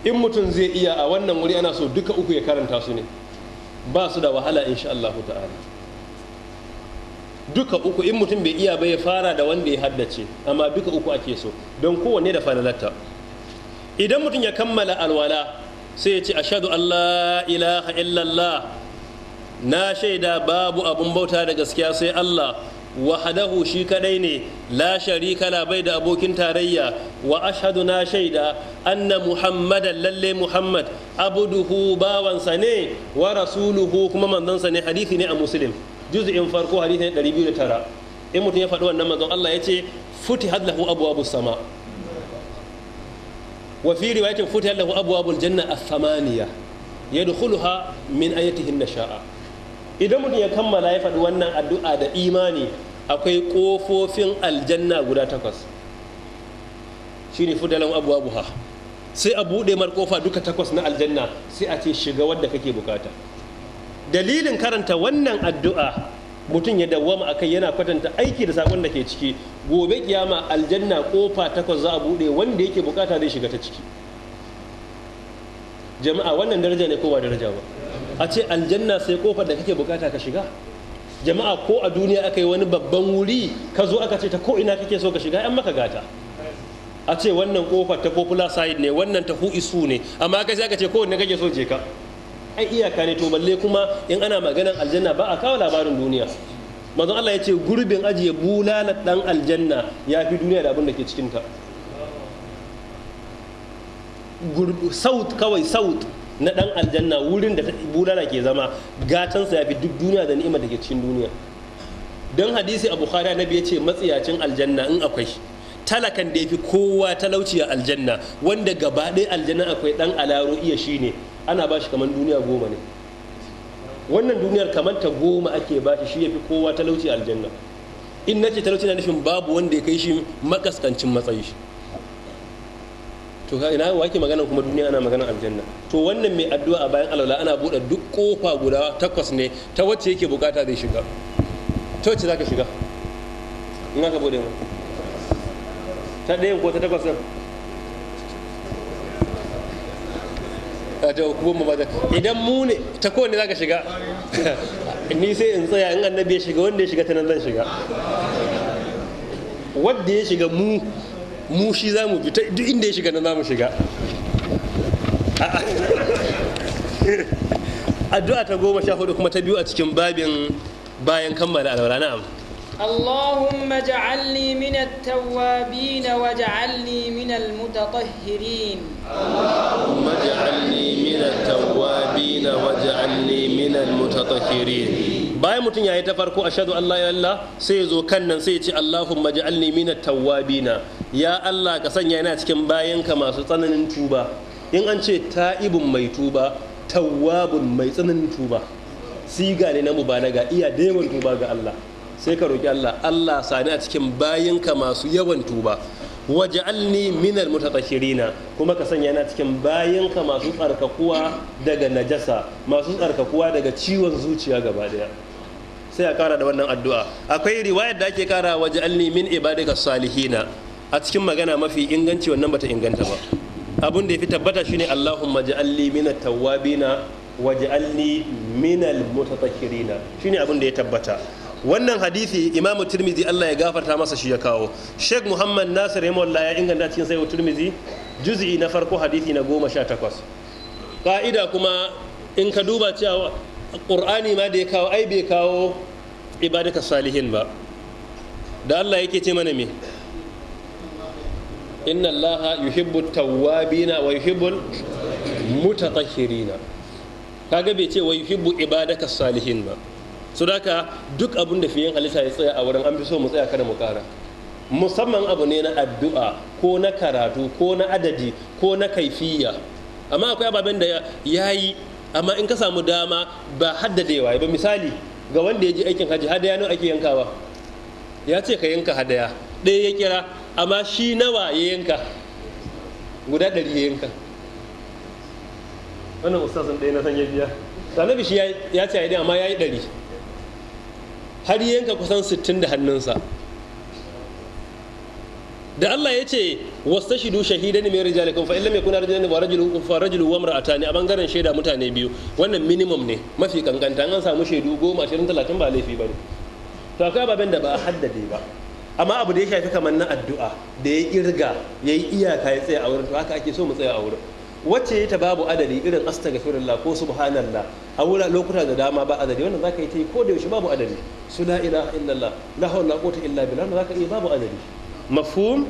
Speaker 1: in mutum zai iya a wannan wuri ana so duka uku ya karanta su ne ba su da wahala insha Allah ta'ala duka uku in mutum bai iya ba ya fara da wanda ya haddace amma duka uku ake so don kowanne da falalatta idan mutum ya kammala alwala sai ya ce ashadu Allah ilaha illallah na shaida babu abun bauta da gaskiya sai Allah wahadahu shi kadai ne la sharika la bai da abokin tarayya wa ashadu na shaida anna muhammadan lalle muhammad abuduhu bawansa ne wa rasuluhu kuma manzansa ne hadisi ne a muslim juz'in farko hadisi ne 209 in mutum ya faɗi wannan manzon Allah ya ce futihat lahu abwabus sama wa fi riwayatin futihat lahu abwabul janna as-samaniya yadkhuluha min ayatihin nasha'a idan mutum ya kammala ya faɗi wannan addu'a da imani akwai ƙofofin aljanna guda takwas ne fudalan abuwa buha sai a buɗe mar ƙofa duka takwas na aljanna sai a ce shiga wadda kake bukata dalilin karanta wannan addu'a mutum ya dawwama akai yana kwatanta aiki da sakon da ke ciki gobe kiyama aljanna kofa takwas za a buɗe wanda yake bukata zai shiga ta ciki jama'a wannan daraja ne ko ba daraja ba a ce aljanna sai kofar da kake bukata ka shiga jama'a ko a duniya aka yi wani babban wuri ka zo aka ce ta ko kake so ka shiga yan maka gata a ce wannan kofar ta popular side ne wannan ta hu'isu ne amma kai sai aka ce kowanne kake so je ka ai iyaka ne to balle kuma in ana maganar aljanna ba a kawo labarin duniya manzon Allah ya ce gurbin ajiye bulala dan aljanna ya fi duniya da abin da ke cikinta saut kawai saut na dan aljanna wurin da bulala ke zama gatansa ya fi duk duniya da ni'imar da ke cikin duniya don hadisi a bukhari annabi biya ce matsiyacin aljanna in akwai talakan da ya fi kowa talauci a aljanna wanda gaba ɗaya aljanna akwai ɗan alaro iya shi ne ana ba shi kamar duniya goma ne wannan duniyar kamar ta goma ake ba shi shi ya fi kowa talauci a aljanna in ce talauci na nufin babu wanda ya kai shi makaskancin matsayi to ka ina wake magana kuma duniya ana magana aljanna to wannan mai addu'a a bayan alwala ana buɗe duk kofa guda takwas ne ta wacce yake bukata zai shiga ta wacce za ka shiga in aka bude mu ta ɗaya ko ta takwas ɗin ta hukumar ba da idan mu ne ta kowane za ka shiga [laughs] ni sai in tsaya in annabi ya shiga wanda ya shiga ta nan zan shiga wanda ya shiga mu mu shi za mu bi duk inda ya shiga na za mu shiga addu'a ta goma sha hudu kuma ta biyu a cikin babin bayan kammala alwala na'am
Speaker 2: ja'alni min al-mutatahhirin
Speaker 1: Allahumma ja'alni min at-tawwabin wa ja'alni min al-mutatahhirin bayan mutum yayi ta farko ashhadu an la ilaha sai ya zo kan nan sai ya ce allahumma min at tawwabina ya Allah ka sanya yana cikin bayanka masu tsananin tuba in an ce ta'ibun mai tuba tawwabun mai tsananin tuba siga ne na mubalaga iya da yawan tuba ga Allah sai ka roƙi Allah Allah sani a cikin bayanka masu yawan tuba Waje minar mutata shirina kuma ka sanya yana cikin bayanka masu tsarkakuwa daga najasa masu tsarkakuwa daga ciwon zuciya gaba daya sai a kara da wannan addu'a akwai riwayar da ake kara waj'alni min ibadika salihina a cikin magana mafi inganci wannan bata inganta ba abin da ya fi tabbata shine Allahumma ja'alni at tawwabina min minal mutatakhirina shine abin da ya tabbata wannan hadisi imam tirmizi Allah ya gafarta masa shi ya kawo sheikh muhammad nasir Allah ya inganta cikin sayo tirmizi juz'i na farko hadisi na goma sha takwas ka'ida kuma in ka duba cewa qur'ani ma da ya kawo ai bai kawo ibadaka salihin ba da Allah yake ce mana me inna allaha yuhibbu tawwabina wa yuhibbu mutatahhirina kaga bai ce wa yuhibbu ibadaka salihin ba so daka duk abun da fiye halitta ya tsaya a wurin an fi so mu tsaya kada mu kara musamman abu ne na addu'a ko na karatu ko na adadi ko na kaifiya amma akwai ababen da ya yi amma in ka samu dama ba haddadewa ba misali ga wanda ya ji aikin hajji hadaya ne ake yankawa ya ce ka yanka hadaya ɗaya ya kira amma shi nawa ya yanka guda ɗari ya yanka wannan ustazin ɗaya na san ya biya sanabi shi ya ce a yi amma ya yi ɗari har yanka kusan sittin da hannunsa da Allah ya ce wastashidu shahidan min rijalikum fa illam yakuna rajulan wa rajulun fa rajulun wa imra'atani a bangaren shaida mutane biyu wannan minimum ne mafi kankanta an samu shaidu goma ashirin talatin ba laifi ba ne to akwai ababen da ba a haddade ba amma abu da ya shafi kamar na addu'a da ya kirga ya yi iyaka ya tsaya a wurin to haka ake so mu tsaya a wurin wacce ta babu adadi irin astaghfirullah ko subhanallah a wurin lokuta da dama ba adadi wannan zaka yi ta yi ko da yaushe babu adadi su la ilaha illallah la hawla quwwata illa billah wannan zaka yi babu adadi mafhum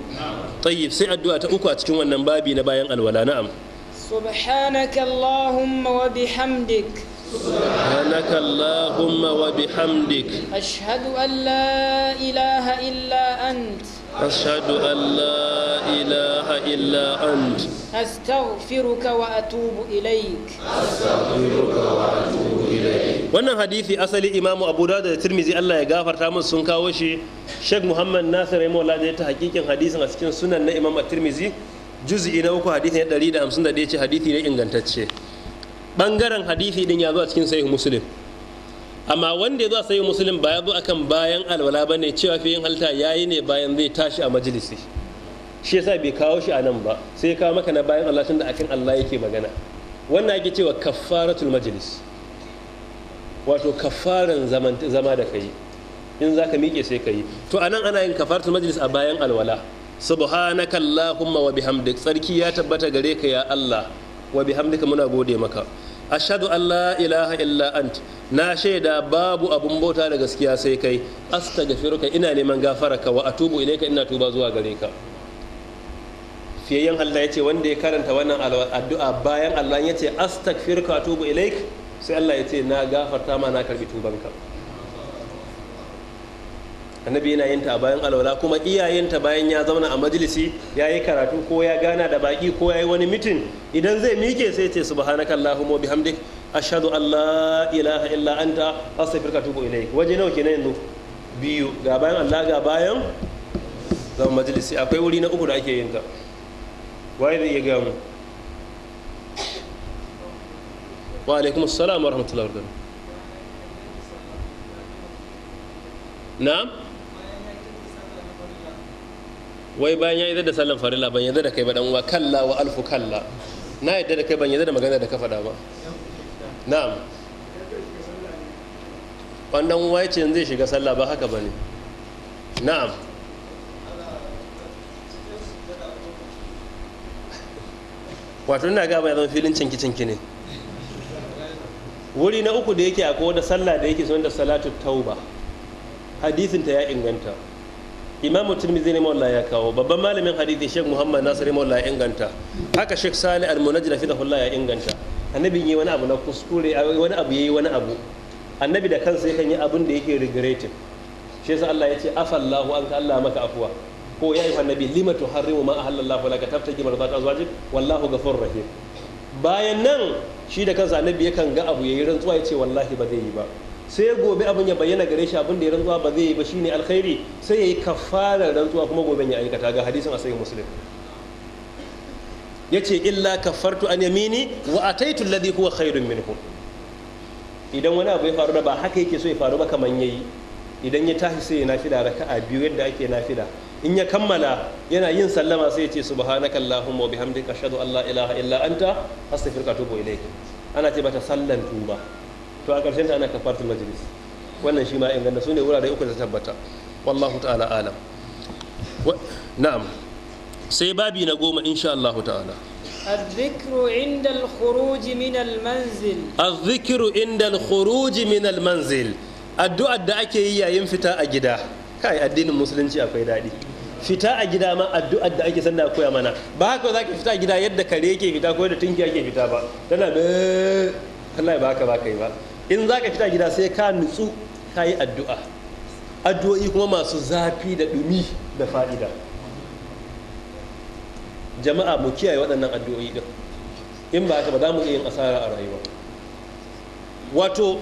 Speaker 1: tayyib sai addu'a ta uku a cikin wannan babi na bayan alwala na'am
Speaker 2: subhanakallahumma wa bihamdik
Speaker 1: سبحانك اللهم وبحمدك
Speaker 2: أشهد أن لا إله إلا أنت
Speaker 1: أشهد أن لا إله إلا أنت
Speaker 2: أستغفرك وأتوب إليك أستغفرك
Speaker 1: وأتوب إليك wannan hadisi asali imamu abu da tirmizi allah ya gafarta musu sun kawo shi sheikh muhammad nasir rahimahullah da ya ta hakikin hadisin a cikin sunan na imam at-tirmizi juz'i na uku hadisi na 151 ce hadisi ne ingantacce bangaren hadisi din ya zo a cikin sahih muslim amma wanda ya zo a sahih muslim ba ya zo akan bayan alwala bane cewa fiyin halta yayi ne bayan zai tashi a majalisi shi yasa bai kawo shi a nan ba sai ya kawo maka na bayan Allah tunda akan Allah yake magana wannan yake cewa kaffaratul majlis wato kaffaran zama da kai in za ka miƙe sai ka yi to anan ana yin kafaratul majlis a bayan alwala subhanaka allahumma wa bihamdik tsarki ya tabbata gare ka ya Allah wa bihamdika muna gode maka ashhadu an la ilaha illa ant na shaida babu abun bauta da gaskiya sai kai astaghfiruka ina neman gafararka wa atubu ilayka ina tuba zuwa gare ka fiyayyen Allah ya wanda ya karanta wannan addu'a bayan Allah ya ce astaghfiruka atubu ilaik sai Allah ya ce na gafarta ma na karbi tubanka annabi yana yin ta bayan alwala kuma iyayenta bayan ya zauna a majalisi ya yi karatu ko ya gana da baki ko ya yi wani mitin idan zai mike sai ce subhanaka allahumma bihamdik ashhadu an la ilaha illa anta astaghfiruka wa atubu ilaik waje nawa kenan yanzu biyu ga bayan allah ga bayan zama majalisi akwai wuri na uku da ake yin ta waye zai iya gaya mu wa alaikum assalam wa rahmatullahi wa barakatuh na'am wai bayan ya yi da sallan farilla ban yadda da kai ba dan uwa kalla wa alfu kalla na yadda da kai ban yadda da magana da ka faɗa ba na'am wannan uwa ce zai shiga sallah ba haka bane na'am wato ina ga ba ya zama filin cinki cinki ne wuri na uku da yake akwai wata sallah da yake sunan da salatu tauba hadisinta ya inganta imamu tirmidhi ne mawla ya kawo babban malamin hadithi sheikh muhammad nasir mawla ya inganta haka sheikh salih al-munajjid rahimahullah ya inganta annabi yi wani abu na kuskure wani abu yayi wani abu annabi da kansa yakan yi abin da yake regretting shi yasa Allah ya ce afallahu an ka Allah maka afuwa ko ya yi annabi lima tuharrimu ma ahallallahu laka taftaki marzata azwajik wallahu ghafurur rahim bayan nan shi da kansa annabi yakan ga abu yayi rantsuwa ya ce wallahi ba zai yi ba sai gobe abin ya bayyana gare shi abin da ya rantsuwa ba zai yi ba shine alkhairi sai ya yi kafarar rantsuwa kuma gobe ya aikata ga hadisin asayin musulun ya ce illa kafartu an yamini wa a taitun ladi kuwa khairun minhu idan wani abu ya faru da ba haka yake so ya faru ba kaman yi. idan ya tashi sai ya raka a biyu yadda ake nafida in ya kammala yana yin sallama sai ya ce subhanaka allahumma wa bihamdika ashhadu an la ilaha illa anta astaghfiruka wa atubu ilayk ana ce ta sallan tuba to a ƙarshen ta ana kafaratul majalis, wannan shi ma inganta su ne wurare uku da tabbata wallahu ta'ala alam na'am sai babi na goma insha Allah ta'ala
Speaker 2: الذكر عند الخروج من المنزل
Speaker 1: الذكر عند الخروج من المنزل addu'ar da ake yi yayin fita a gida kai addinin musulunci akwai daɗi fita a gida ma addu'ar da ake sanda koya mana ba haka za ka fita a gida yadda kare yake fita ko da tunki yake fita ba tana da Allah ba haka ba kai ba in za ka fita gida sai ka nutsu ka yi addu'a addu'o'i kuma masu zafi da ɗumi da fa'ida jama'a mu kiyaye waɗannan addu'o'i ɗin in ba ka ba za mu iya yin asara a rayuwa wato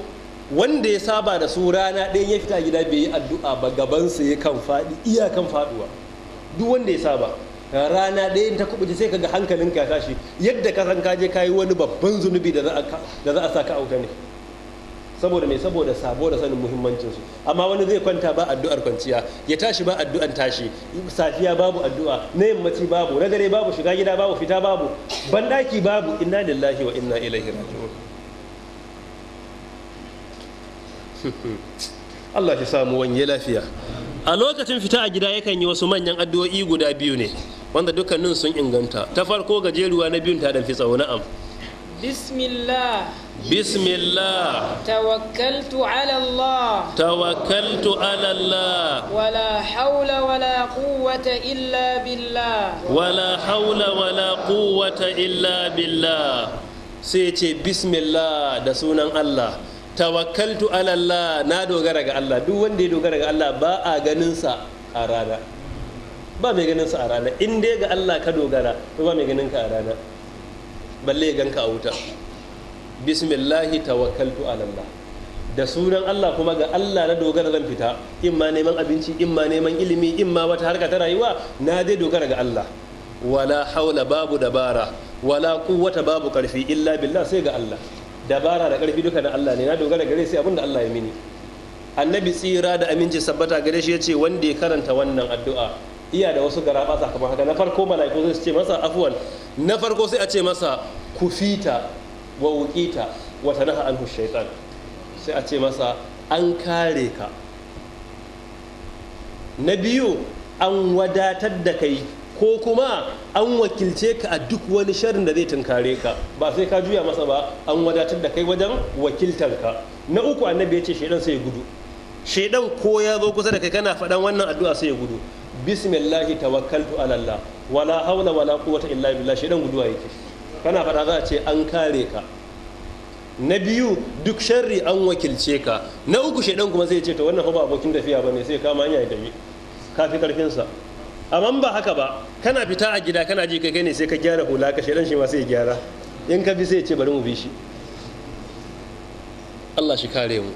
Speaker 1: wanda ya saba da su rana ɗaya ya fita gida bai yi addu'a ba gabansa ya kan faɗi iyakan faɗuwa duk wanda ya saba rana ɗaya ta kubuce sai kaga hankalinka ya tashi yadda ka san ka je ka wani babban zunubi da za a sa ka auta ne saboda mai saboda sabo da sanin muhimmancinsu amma wani zai kwanta ba addu'ar kwanciya ya tashi ba addu'an tashi safiya babu addu'a na yammaci babu na dare babu shiga gida babu fita babu banɗaki babu inna lillahi wa inna ilaihi raji'un [laughs] Allah ya samu wanye lafiya a lokacin fita a gida yakan yi wasu manyan addu'o'i guda biyu ne wanda dukkanin sun inganta ta farko gajeruwa na biyun ta dan fi tsawo na'am
Speaker 2: بسم الله
Speaker 1: بسم الله
Speaker 2: توكلت على الله
Speaker 1: توكلت على الله
Speaker 2: ولا حول ولا قوة إلا بالله
Speaker 1: ولا حول ولا قوة إلا بالله سيتي بسم الله دسونا الله tawakkaltu ala na dogara ga Allah duk wanda ya dogara ga Allah ba a ganin sa a rana ba mai ganin sa a rana in dai ga Allah ka dogara to ba mai ganin ka a rana balle ya ganka a wuta bismillahi tawakkaltu ala Allah da sunan Allah kuma ga Allah na dogara zan fita in ma neman abinci in ma neman ilimi in ma wata harka ta rayuwa na dai dogara ga Allah wala haula babu dabara wala quwwata babu karfi illa billah sai ga Allah dabara da karfi duka na Allah ne na dogara gare sai abinda Allah ya mini annabi tsira da aminci sabbata gare shi yace wanda ya karanta wannan addu'a iya da wasu garaba kamar haka na farko mala'iku sai su ce masa afuwan na farko sai a ce masa kufita wa wuqita wa tanaha anhu shaitan sai a ce masa an kare ka na biyu an wadatar da kai ko kuma an wakilce ka a duk wani sharin da zai tunkare ka ba sai ka juya masa ba an wadatar da kai wajen wakiltar ka na uku annabi ya ce shaidan sai ya gudu shaidan ko ya zo kusa da kai kana faɗan wannan addu'a sai ya gudu bismillahi tawakkaltu ala Allah wala haula wala quwwata illa billah shi dan guduwa yake kana faɗa za a ce an kare ka na biyu duk sharri an wakilce ka na uku shaidan kuma zai ce to wannan ba abokin tafiya ba ne sai kama hanya da ka fi sa amma ba haka ba kana fita a gida kana ji kai ne sai ka gyara hula ka shaidan shi ma sai gyara in ka bi sai ce bari mu bi shi Allah shi kare mu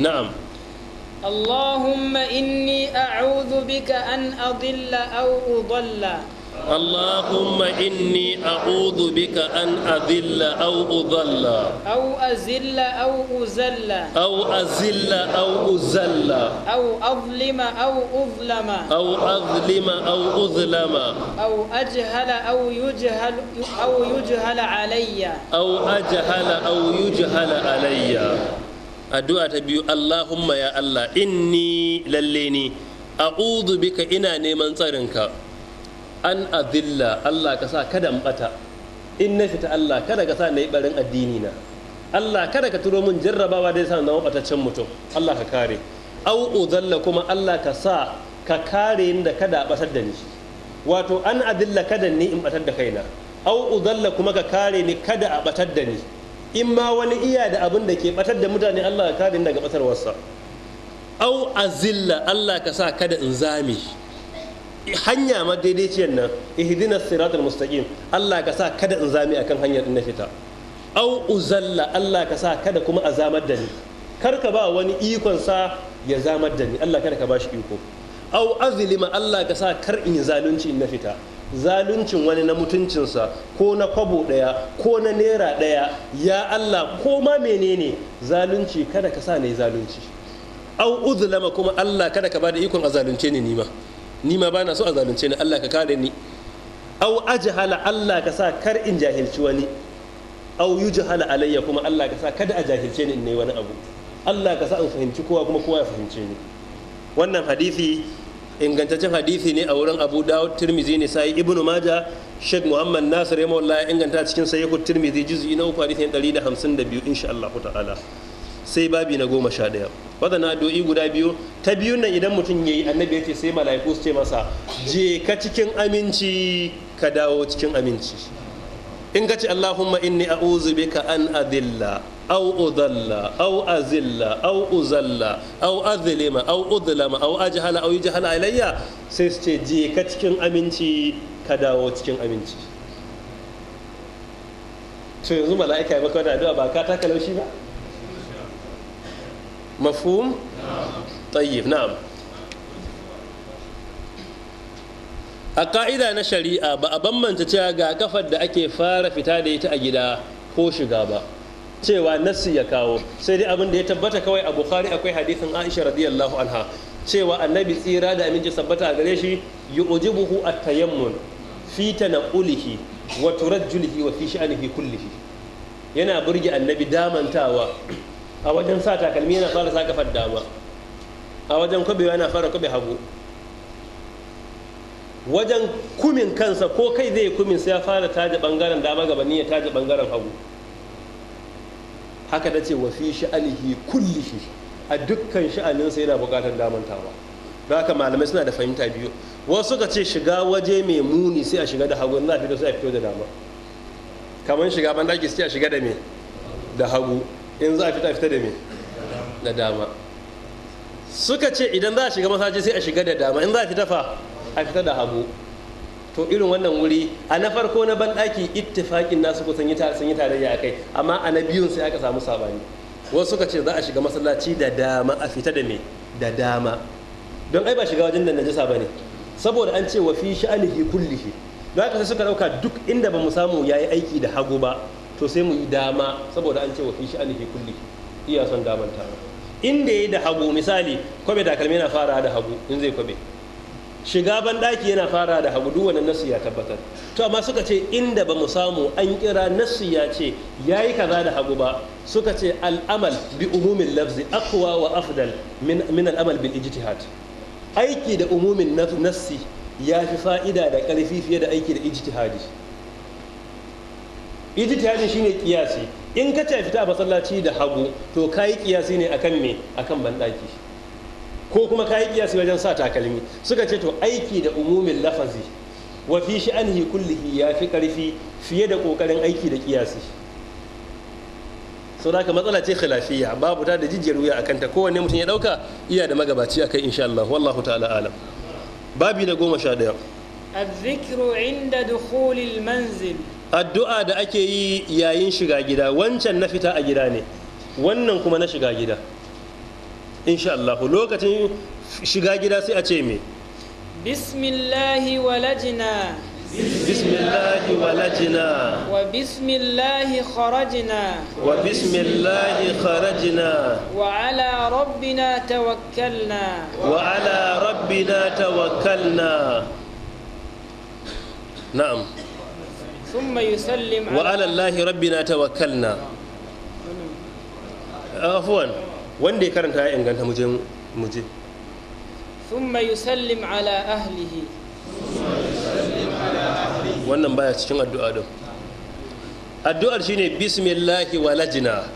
Speaker 1: na'am
Speaker 2: اللهم إني أعوذ بك أن أضل أو أضل
Speaker 1: اللهم إني أعوذ بك أن أذل أو أضل
Speaker 2: أو أزل أو أزل
Speaker 1: أو أزل أو أزل
Speaker 2: أو أظلم أو أظلم
Speaker 1: أو أظلم أو أظلم
Speaker 2: أو أجهل أو يجهل أو يجهل علي
Speaker 1: أو أجهل أو يجهل علي addu'a ta biyu Allahumma ya Allah inni lalle ni a bika ina neman tsarinka an adilla Allah ka sa kada bata in na fita Allah kada ka sa na yi barin addini na Allah kada ka turo min jarrabawa da sa na zama bataccen mutum Allah ka kare au udalla kuma Allah ka sa ka kare ni da kada ɓatar da ni wato an adilla kada ni in batar da kaina au udalla kuma ka kare ni kada a batar da ni in ma wani iya da abin da ke batar da mutane Allah ka kare daga batar wasa au azilla Allah ka sa kada in zame hanya ma daidaiciyar nan ihdinas siratal mustaqim Allah ka sa kada in zame akan hanyar din na fita au uzalla Allah ka sa kada kuma a zamar da ni kar ka ba wani ikon sa ya zamar da ni Allah kada ka ba shi iko au azlima Allah ka sa kar in yi zalunci in na fita zaluncin wani na mutuncinsa ko na kwabo ɗaya ko na naira ɗaya ya allah ko ma menene zalunci kada ka sa ne zalunci au uzlama kuma allah kada ka bada ikon a zalunce ni nima nima ba na so a zalunce ni allah ka kare ni au ajhala allah ka sa kar in jahilci wani au yujhala alayya kuma allah ka sa kada a jahilce ni in nayi wani abu allah ka sa in fahimci kowa kuma kowa ya fahimce ni wannan hadisi ingantaccen hadisi ne a wurin abu dawud tirmizi ne sai ibnu maja sheikh muhammad nasir yamma ya inganta cikin sahihu tirmizi juz'i na uku hadisi 152 insha Allah ta'ala sai babi na goma sha ɗaya do'i guda biyu ta biyu nan idan mutum ya yi annabi ya ce sai mala'iku su ce masa je ka cikin aminci ka dawo cikin aminci in ka ce allahumma inni a'udhu bika an adilla أو أذل أو أذل أو أذل أو أظلم أو أظلم أو أجهل أو يجهل علي سيستي جي كتكين أمينتي كداو تكين أمينتي to yanzu mala'ika ya maka wani addu'a ba ka taka laushi ba mafhum tayyib na'am a ka'ida na shari'a ba a bambanta cewa ga kafar da ake fara fita da ita a gida ko shiga ba cewa nassi ya kawo sai dai abin da ya tabbata kawai a bukhari akwai hadithin aisha radiyallahu anha cewa annabi tsira da aminci sabbata a gare shi buhu a tayammun fi ulihi wa turajjulihi wa fi sha'nihi kullihi yana burge annabi damantawa a wajen sa takalmi yana fara sa kafar dama a wajen kwabewa yana fara kwabe hagu wajen kumin kansa ko kai zai kumin sai ya fara taje bangaren dama gabanin ya taje bangaren hagu haka da ce wa fi sha'alihi kullihi a dukkan sha'aninsa yana buƙatar damantawa ba haka malamai suna da fahimta biyu wasu suka ce shiga waje mai muni sai a shiga da hagu na a fito sai a fito da dama kamar shiga daki sai a shiga da me da hagu in za a fita a fita da me da dama suka ce idan za a shiga masaji sai a shiga da dama in za a fita fa a fita da hagu to irin wannan wuri a na farko na banɗaki ittifaƙin nasu ko sun yi tarayya kai amma a na biyun sai aka samu sabani wasu suka ce za a shiga masallaci da dama a fita da me da dama don ai ba shiga wajen da najasa bane saboda an ce wa fi sha'anihi kullihi don haka sai suka dauka duk inda ba mu samu yayi aiki da hagu ba to sai mu yi dama saboda an ce wa fi sha'anihi kullihi iya son daman ta inda yayi da hagu misali kwabe takalmi na fara da hagu in zai kwabe shiga banɗaki yana fara da hagu duk wannan nasu ya tabbatar to amma suka ce inda ba mu samu an kira nasu ya ce ya yi kaza da hagu ba suka ce al'amal bi umumin lafzi akwa wa afdal min al'amal bil ijtihad aiki da umumin nassi ya fi fa'ida da karfi fiye da aiki da ijtihadi ijtihadi shine kiyasi in ka ce fita a masallaci da hagu to kayi kiyasi ne akan me akan banɗaki ko kuma ka yi kiyasi wajen sa takalmi suka ce to aiki da umumin lafazi wa fi sha'anhi kullihi ya fi karfi fiye da kokarin aiki da kiyasi sau da matsala ce khilafiyya babu ta da jijiyar wuya a kanta kowanne mutum ya dauka iya da magabaci akai insha Allah wallahu ta'ala alam babi na goma sha daya
Speaker 2: الذكر عند دخول المنزل
Speaker 1: addu'a da ake yi yayin shiga gida wancan na fita a gida ne wannan kuma na shiga gida insha Allah lokacin shiga gida sai a ce me
Speaker 2: bismillahi walajina
Speaker 1: bismillahi walajina
Speaker 2: wa bismillahi kharajina
Speaker 1: wa bismillahi kharajina
Speaker 2: wa ala rabbina tawakkalna
Speaker 1: wa ala rabbina tawakkalna na'am
Speaker 2: ثم يسلم وعلى
Speaker 1: الله ربنا توكلنا عفوا wanda ya karanta ya inganta muje muje
Speaker 2: thumma yusallim ala ahlihi
Speaker 1: wannan baya cikin addu'a din addu'ar shine bismillahi walajna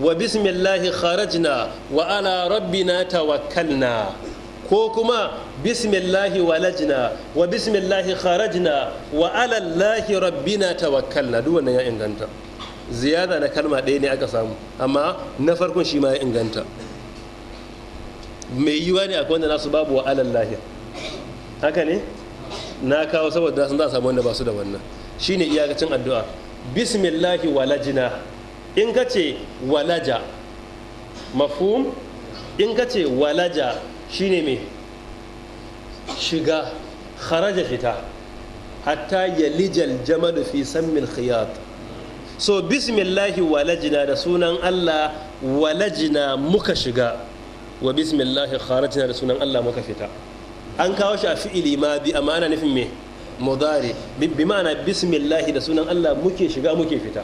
Speaker 1: wa bismillahi kharajna wa ala rabbina tawakkalna ko kuma bismillahi walajna wa bismillahi kharajna wa ala allahi rabbina tawakkalna duk wannan ya inganta ziyada na kalma ɗaya ne aka samu amma na farkon shi ma ya inganta mai yiwa ne akwai wanda nasu babu wa alal lahiya haka ne na kawo saboda nasu za a samu wanda ba su da wannan shine iyakacin addu'a bismillahi walajina in ka ce walaja mafhum in ka ce walaja shine mai shiga kharaja fita hatta yalijal jamadu fi sammil khiyat so bismillahi walajina da sunan Allah walajina muka shiga wa bismillahi kharajina da sunan Allah muka fita an kawo shi a fi'ili ma bi amma ana nufin me mudari bi ma'ana bismillahi da sunan Allah muke shiga muke fita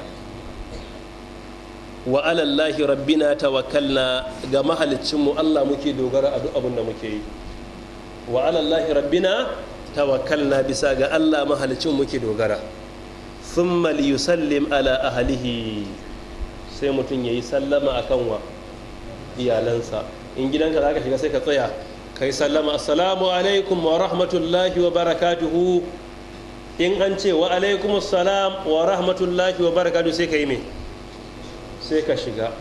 Speaker 1: wa alallahi rabbina tawakkalna ga mahalicinmu Allah muke dogara a duk abin da muke yi wa alallahi rabbina tawakkalna bisa ga Allah mahalicin muke dogara thumma liyusallim ala ahlihi sai mutum ya yi sallama a kanwa iyalansa in gidanka zaka shiga sai ka tsaya kai sallama assalamu alaikum wa rahmatullahi wa barakatuhu in an ce wa alaikum assalam wa rahmatullahi wa barakatuhu sai ka yi me sai ka shiga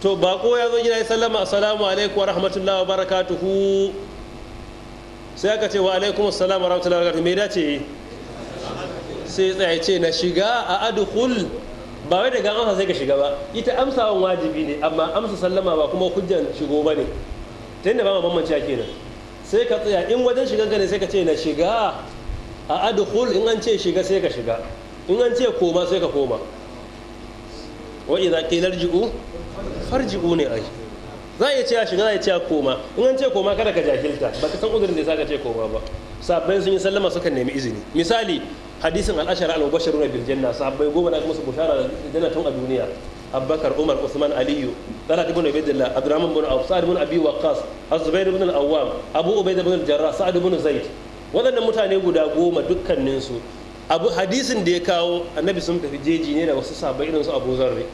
Speaker 1: to ba ko ya zo gida ya sallama assalamu alaikum wa rahmatullahi wa barakatuhu sai aka ce wa alaikum assalam wa rahmatullahi wa barakatuhu me dace sai ya ce na shiga a adkhul ba wai daga amsa sai ka shiga ba ita amsawan wajibi ne amma amsa sallama ba kuma hujjan shigo ba ne ta yadda ba ma bambanci kenan sai ka tsaya in wajen shigan ka ne sai ka ce na shiga a adkhul in an ce shiga sai ka shiga in an ce koma sai ka koma wa idza qila irji'u farji'u ne ai za a iya cewa shiga za a iya cewa koma in an ce koma kada ka jahilta ba ka san uzurin da ya sa ka ce koma ba sabbin sun yi sallama sukan nemi izini misali hadisin al'ashara al-mubashiruna bil janna sahabbai goma na su bushara da janna tun a duniya abubakar umar usman aliyu talat ibn ubaidillah abdurrahman bin abu sa'ad bin abi Waqas az-zubair ibn al-awwam abu ubaidah ibn al sa'ad bin zaid waɗannan mutane guda goma dukkaninsu abu hadisin da ya kawo annabi sun tafi jeji ne da wasu sahabbai irin su abu zarri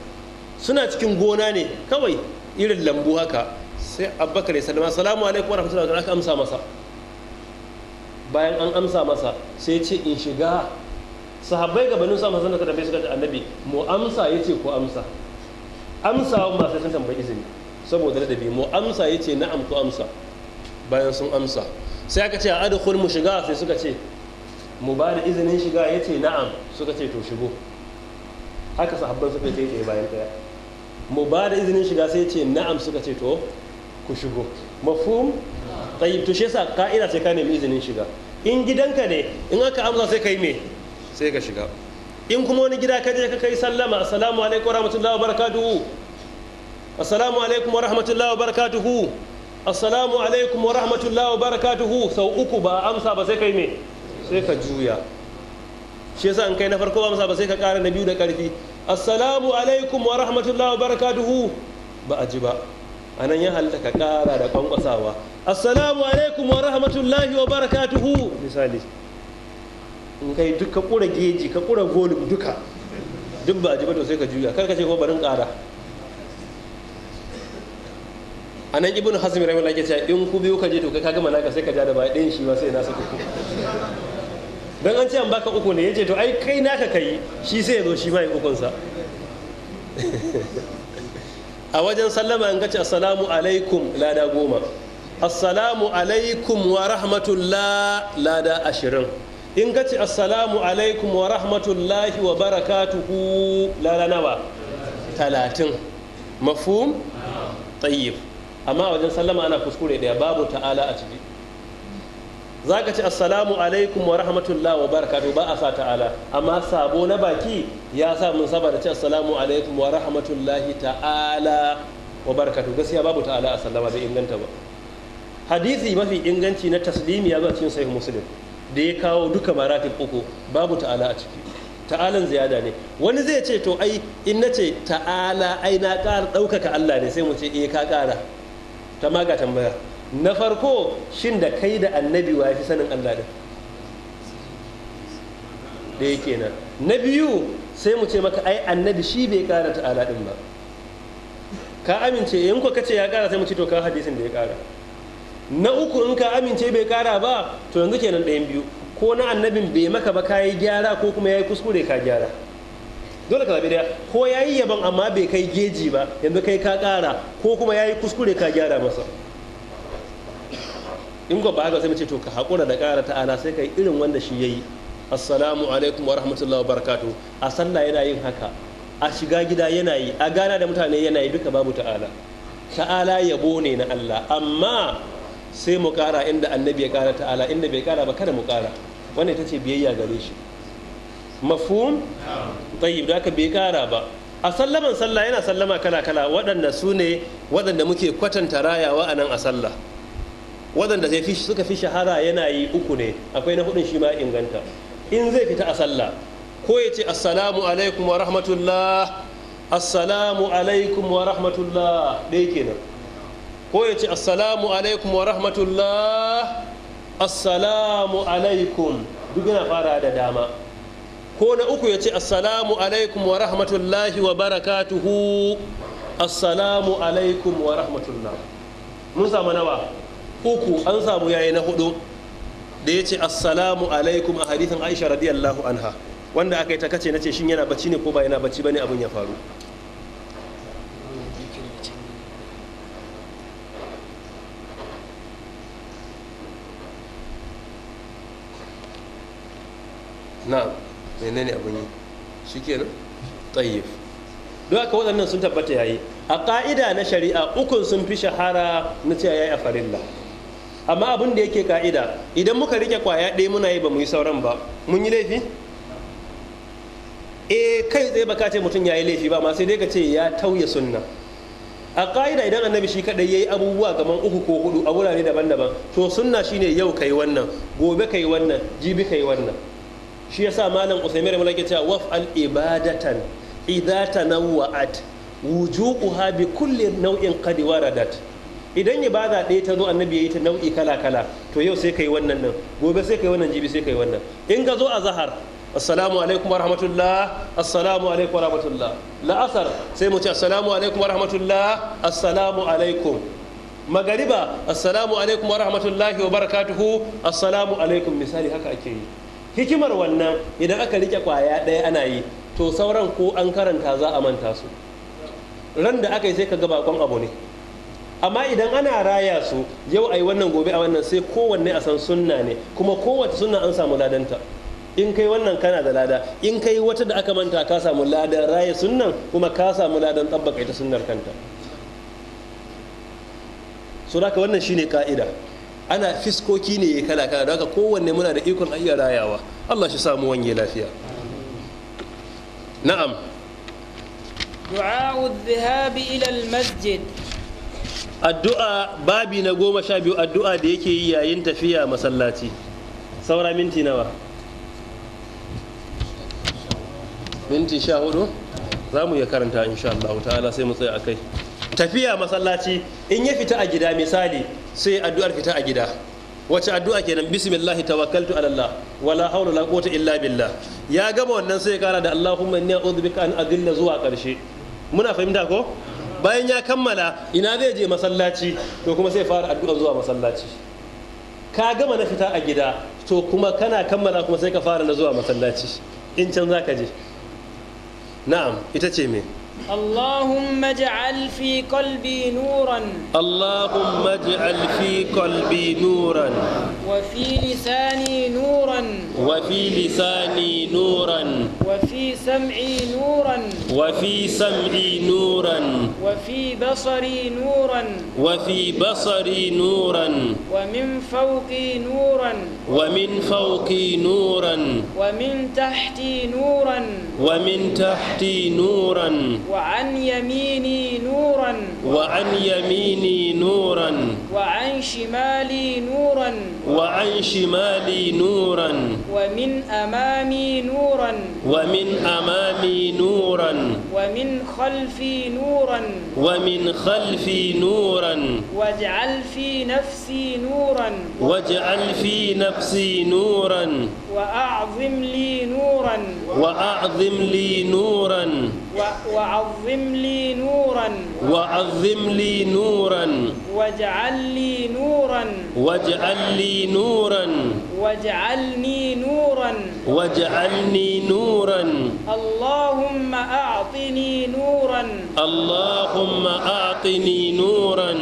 Speaker 1: suna cikin gona ne kawai irin lambu haka sai abubakar ya sallama salamu alaikum wa rahmatullahi wa barakatuh aka amsa masa bayan an amsa masa sai ce in shiga sahabbai gabanin sa masu suka tambaye suka ce annabi mu amsa ya ce ko amsa amsawa masu sun tambayi izini saboda ladabi mu amsa ya ce na'am ko amsa bayan sun amsa sai aka ce a adkhul mu shiga sai suka ce mu ba da izinin shiga ya ce na'am suka ce to shigo haka sahabban suka ce ɗaya bayan ɗaya mu ba da izinin shiga sai ya ce na'am suka ce to ku shigo mafhum tayyib to shi yasa ka'ida sai ka nemi izinin shiga in gidanka ne in aka amsa sai kai me sai ka shiga in kuma wani gida ka je ka kai sallama assalamu alaikum wa barakatuhu assalamu alaikum wa barakatuhu assalamu alaikum wa barakatuhu sau uku ba amsa ba sai kai me sai ka juya shi yasa in kai na farko ba amsa ba sai ka kara na biyu da karfi assalamu alaikum wa barakatuhu ba a ji ba a nan ya halitta ka ƙara da kwankwasawa assalamu alaikum wa rahmatullahi wa barakatuhu misali in kai duk ka ƙura geji ka ƙura volume duka duk ba ji ba to sai ka juya kar ka ce ko barin kara a nan ibn hazmi rahimahullah ke cewa in ku biyu ka je to kai ka gama naka sai ka ja da baya ɗin shi ma sai na saka ku dan an ce an baka uku ne yace to ai kai naka kai shi sai ya zo shi ma ya ukunsa [laughs] a wajen sallama in gace assalamu alaikum lada goma assalamu alaikum wa rahmatullah lada ashirin in gace assalamu alaikum wa rahmatullahi wa barakatuhu lada nawa talatin mafhum tayyib amma a wajen sallama ana kuskure daya babu ta'ala a ciki za ka ci assalamu alaikum wa rahmatullahi wa barakatu ba a sa ta'ala amma sabo na baki ya sa mun saba da ci assalamu alaikum wa rahmatullahi ta'ala wa barakatu gaskiya babu ta'ala a sallama bai inganta ba hadisi mafi inganci na taslimi ya zo cikin sahih muslim da ya kawo duka maratib uku babu ta'ala a ciki ta'alan ziyada ne wani zai ce to ai in na ce ta'ala ai na ƙara ɗaukaka Allah ne sai mu ce eh ka ƙara ta maga tambaya na farko shin da kai da annabi wa fi sanin Allah din da yake nan na biyu sai mu ce maka ai annabi shi bai kara ta'ala din ba ka amince in ko kace ya kara sai mu ce to ka hadisin da ya kara na uku in ka amince bai kara ba to yanzu kenan ɗayan biyu ko na annabin bai maka ba ka yi gyara ko kuma ya yi kuskure ka gyara dole ka zaɓi ɗaya ko ya yi yaban amma bai kai geji ba yanzu kai ka ƙara ko kuma ya yi kuskure ka gyara masa in ba haka sai mace to ka haƙura da ƙara ta'ala sai ka yi irin wanda shi ya yi assalamu alaikum wa rahmatullahi wa barakatu a sallah yana yin haka a shiga gida yana yi a gana da mutane yana yi duka babu ta'ala ta'ala yabo ne na Allah amma sai mu ƙara inda annabi ya ƙara ta'ala inda bai ƙara ba kada mu ƙara wanda ita ce biyayya gare shi mafhum tayyib da ka bai ƙara ba a sallaman sallah yana sallama kala kala waɗanda su ne waɗanda muke kwatanta rayawa a nan a sallah waɗanda suka fi shahara yana yi uku ne akwai na hudun shi ma inganta in zai fita a sallah ko ya ce assalamu alaikum wa rahmatullah assalamu alaikum wa rahmatullah ɗaya nan ko ya ce assalamu alaikum wa rahmatullah assalamu alaikum duk yana fara da dama ko na uku ya ce assalamu alaikum wa rahmatullahi wa barakatuhu assalamu alaikum wa rahmatullah mun samu nawa uku an samu yayi na hudu da ya ce assalamu alaikum a hadithin aisha radiyallahu anha wanda aka yi ta kace na ce shin yana bacci ne ko ba yana bacci bane abin ya faru na menene abin yi shi ke nan tsayif don aka waɗannan sun tabbata yayi a ƙa'ida na shari'a ukun sun fi shahara na cewa yayi a farilla amma abin da yake ka'ida idan muka rike kwaya ɗaya muna yi ba mu yi sauran ba mun yi laifi e kai tsaye baka ce mutum ya yi laifi ba masu sai dai ka ce ya tauye sunna a ka'ida idan annabi shi kaɗai ya yi abubuwa kamar uku ko hudu a wurare daban-daban to sunna shine yau kai wannan gobe kai wannan jibi kai wannan shi yasa malam usaimir rahimahullah cewa waf al ibadatan idza tanawwa'at wujuquha bi kulli naw'in qad waradat idan ba za ɗaya ta zo annabi ya yi ta nau'i kala kala to yau sai yi wannan nan gobe sai yi wannan jibi sai yi wannan in ka zo a zahar assalamu alaikum wa rahmatullah assalamu alaikum wa rahmatullah la'asar sai mu ce assalamu alaikum wa rahmatullah assalamu alaikum magariba assalamu alaikum wa rahmatullahi wa barakatuhu assalamu alaikum misali haka ake yi hikimar wannan idan aka rike kwaya ɗaya ana yi to sauran ko an karanta za a manta su ran da aka yi sai ka ga bakon abu ne amma idan ana raya su yau ai wannan gobe a wannan sai kowanne a san sunna ne kuma kowace sunna an samu ladanta in kai wannan kana da lada in kai wata da aka manta ka samu ladan raya sunnan kuma ka samu ladan tabbaka ita sunnar kanta so haka wannan shine ka'ida ana fiskoki ne kala kala da haka kowanne muna da ikon iya rayawa Allah shi samu wanye lafiya na'am
Speaker 2: du'a ila al masjid.
Speaker 1: addu'a babi na goma sha biyu addu'a da yake yi yayin tafiya masallaci saura minti nawa minti sha hudu za mu iya karanta insha Allah ta'ala sai mu tsaye a kai tafiya masallaci in ya fita a gida misali sai addu'ar fita a gida wace addu'a kenan bismillah tawakkaltu ala Allah wala hawla la quwwata illa billah ya gama wannan sai ya kara da Allahumma inni a'udhu bika an adilla zuwa karshe muna fahimta ko bayan ya kammala ina zai je masallaci to kuma sai fara addu'a zuwa masallaci ka gama na fita a gida to kuma kana kammala kuma sai ka fara na zuwa masallaci in can za ka je na'am ita ce me
Speaker 2: اللهم اجعل في قلبي نورا
Speaker 1: اللهم اجعل في قلبي نورا
Speaker 2: وفي لساني نورا
Speaker 1: وفي لساني نورا
Speaker 2: وفي سمعي نورا
Speaker 1: وفي سمعي نورا
Speaker 2: وفي بصري نورا
Speaker 1: وفي بصري نورا
Speaker 2: ومن فوقي نورا
Speaker 1: ومن فوقي نورا
Speaker 2: ومن تحتي نورا
Speaker 1: ومن تحتي نورا
Speaker 2: وعن يميني نورا
Speaker 1: وعن يميني نورا
Speaker 2: وعن شمالي نورا
Speaker 1: وعن شمالي نورا
Speaker 2: ومن أمامي نورا
Speaker 1: ومن أمامي نورا
Speaker 2: ومن خلفي نورا
Speaker 1: ومن خلفي نورا
Speaker 2: واجعل في نفسي نورا
Speaker 1: واجعل في نفسي نورا
Speaker 2: وأعظم لي نورا
Speaker 1: وأعظم لي نورا
Speaker 2: وأعظم وعظم لي نورا
Speaker 1: وعظم لي نورا
Speaker 2: واجعل لي نورا
Speaker 1: واجعل لي نورا
Speaker 2: واجعلني نورا
Speaker 1: واجعلني نورا نورا
Speaker 2: اللهم أعطني نورا
Speaker 1: اللهم أعطني نورا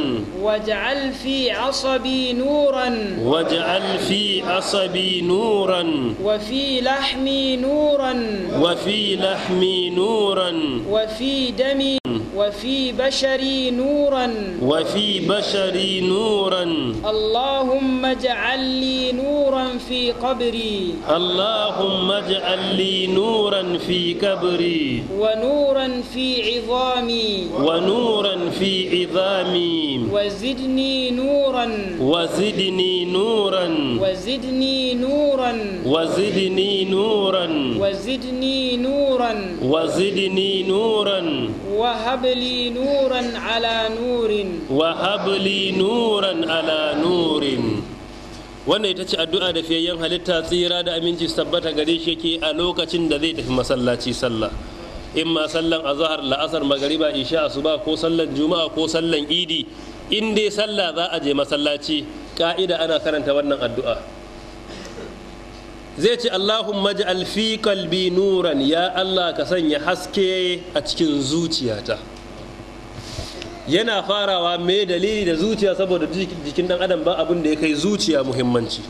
Speaker 2: واجعل في عصبي نورا واجعل
Speaker 1: في عصبي نورا
Speaker 2: وفي لحمي نورا وفي لحمي نورا وفي دمي وفي بشري نورا وفي بشري نورا اللهم اجعل لي نورا في قبري
Speaker 1: اللهم اجعل لي نورا في قبري
Speaker 2: ونورا في عظامي ونورا
Speaker 1: في عظامي
Speaker 2: وزدني نورا وزدني
Speaker 1: نورا
Speaker 2: وزدني نورا وزدني نورا وزدني نورا
Speaker 1: وزدني نورا
Speaker 2: وهب وهب لي نورا على نور
Speaker 1: وهب نورا على نور wannan ita ce addu'a da fiyayyen halitta tsira da aminci tabbata gare shi yake a lokacin da zai tafi masallaci sallah in ma sallan azhar la'asar magariba isha asuba ko sallan juma'a ko sallan idi in dai sallah za a je masallaci ka'ida ana karanta wannan addu'a zai ce allahumma ja'al fi qalbi nuran ya allah ka sanya haske a cikin zuciyata yana farawa mai dalili da zuciya saboda jikin dan adam ba abin da ya kai zuciya muhimmanci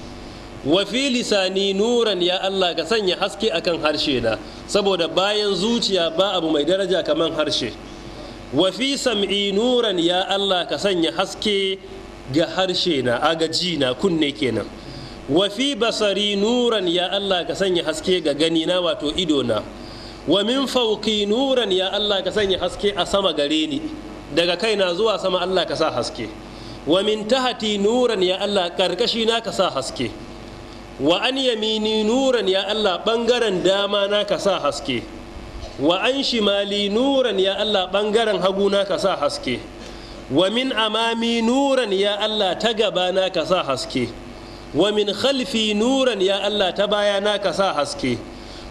Speaker 1: wa fi lisani nuran ya Allah ka sanya haske akan harshe na saboda bayan zuciya ba abu mai daraja kaman harshe wa fi sam'i nuran ya Allah ka sanya haske ga harshe na agaji na kunne kenan wa fi basari nuran ya Allah ka sanya haske ga gani na wato ido na wa min fawqi nuran ya Allah ka sanya haske a sama gare ni daga kaina zuwa sama Allah ka sa haske wa min tahati nuran ya Allah karkashi na ka sa haske wa an yamini nuran ya Allah bangaren dama na ka sa haske wa an shimali nuran ya Allah bangaren hagu na ka sa haske wa min amami nuran ya Allah ta gaba na ka sa haske wa min khalfi nuran ya Allah ta baya na ka sa haske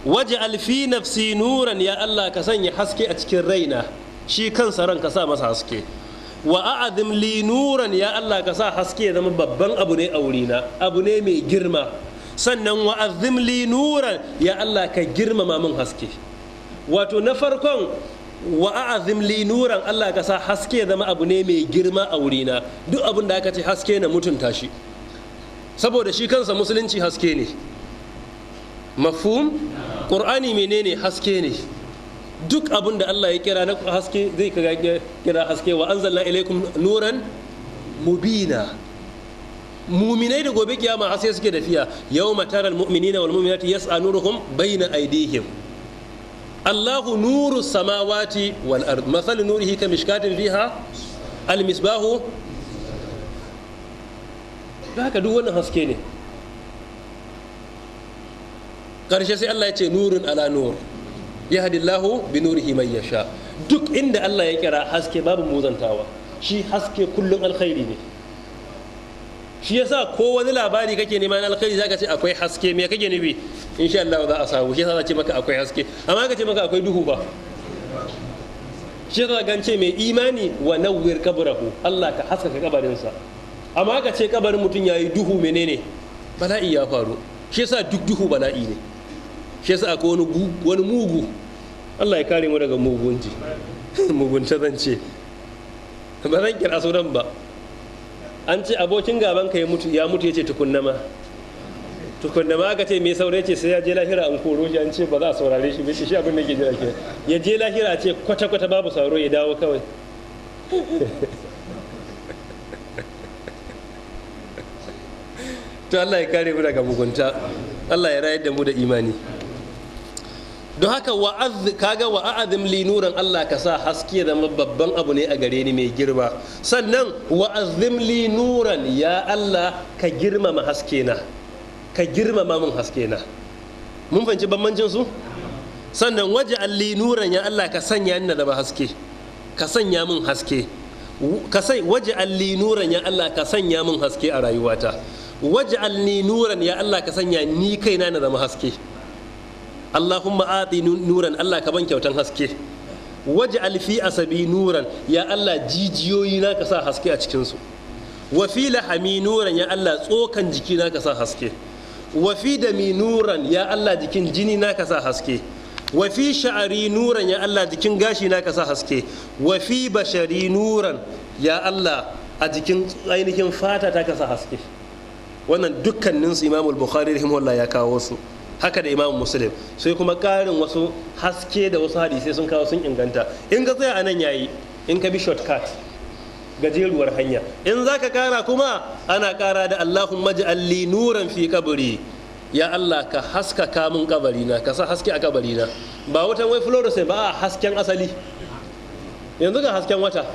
Speaker 1: waje alfi nafsi nuran ya Allah ka sanya haske a cikin raina shi kansa ran sa masa haske wa a'adim li nuran ya Allah ka sa haske zama babban abu ne a wurina abu ne mai girma sannan wa azim li nuran ya Allah ka girmama min haske wato na farkon wa a'azim li nuran Allah ka sa haske zama abu ne mai girma a wurina duk abin da aka ce haske na mutunta shi saboda shi kansa musulunci haske ne mafhum qur'ani menene haske ne duk abin da Allah ya kira na haske zai kira haske wa anzalna ilaikum nuran mubina muminai da gobe kiyama haske suke tafiya yawma taral mu'minina wal mu'minati yas'a nuruhum bayna aydihim Allahu nuru samawati wal ard masal nurihi ka mishkatin fiha al misbahu haka duk wannan haske ne Karshe sai Allah ya ce nurun ala nur yahdillahu bi nurihi man yasha duk inda Allah ya kira haske babu muzantawa shi haske kullun alkhairi ne shi yasa ko wani labari kake nema na alkhairi zaka ce akwai haske me kake nufi insha Allah za a samu shi yasa za ce maka akwai haske amma ka ce maka akwai duhu ba shi yasa gance mai imani wa nawwir kabrahu Allah ka haskaka kabarinsa amma ka ce kabarin mutum yayi duhu menene bala'i ya faru shi yasa duk duhu bala'i ne shi yasa akwai wani mugu Allah ya kare mu daga mugunci [laughs] mugunta zan ce ba zan kira sunan ba an ce abokin gaban ka ya mutu ya ce tukunna ma tukunna ma aka ce me saurayi ce sai ya je lahira an koro shi an ce ba za a saurare shi bai shi abin da ke jira ke ya je lahira ce kwata kwata babu sauro ya dawo kawai [laughs] to Allah ya kare mu daga mugunta Allah ya rayar da mu da imani don haka wa'az kaga wa'azim li nuran Allah ka sa haske zama babban abu ne a gare ni mai girma sannan wa'azim li nuran ya Allah ka girmama haske na ka girmama mun haske na mun fahimci bambancin su sannan waje alli nuran ya Allah ka sanya ni na zama haske ka sanya mun haske ka sai waje alli nuran ya Allah ka sanya mun haske a rayuwata waje alli nuran ya Allah ka sanya ni kaina na zama haske Allahumma ati nuran Allah ka ban kyautan haske waje alfi asabi nuran ya Allah jijiyoyi na ka sa haske a cikinsu wa fi lahami nuran ya Allah tsokan jiki na ka sa haske wa fi dami nuran ya Allah jikin jini na ka sa haske wa sha'ari nuran ya Allah jikin gashi na ka sa haske wa fi bashari nuran ya Allah a jikin ainihin fata ta ka sa haske wannan dukkaninsu imamul bukhari rahimahullah ya kawo su haka da imamu muslim sai kuma ƙarin wasu haske da wasu hadisai sun kawo sun inganta in ka tsaya a nan yayi in ka bi shortcut gajeruwar hanya in za ka kara kuma ana kara da allahumma alli nuran fi kabari ya allah ka haska kamun kabarina ka sa haske a kabarina ba wata wai fluorescent ba a hasken asali yanzu ga hasken wata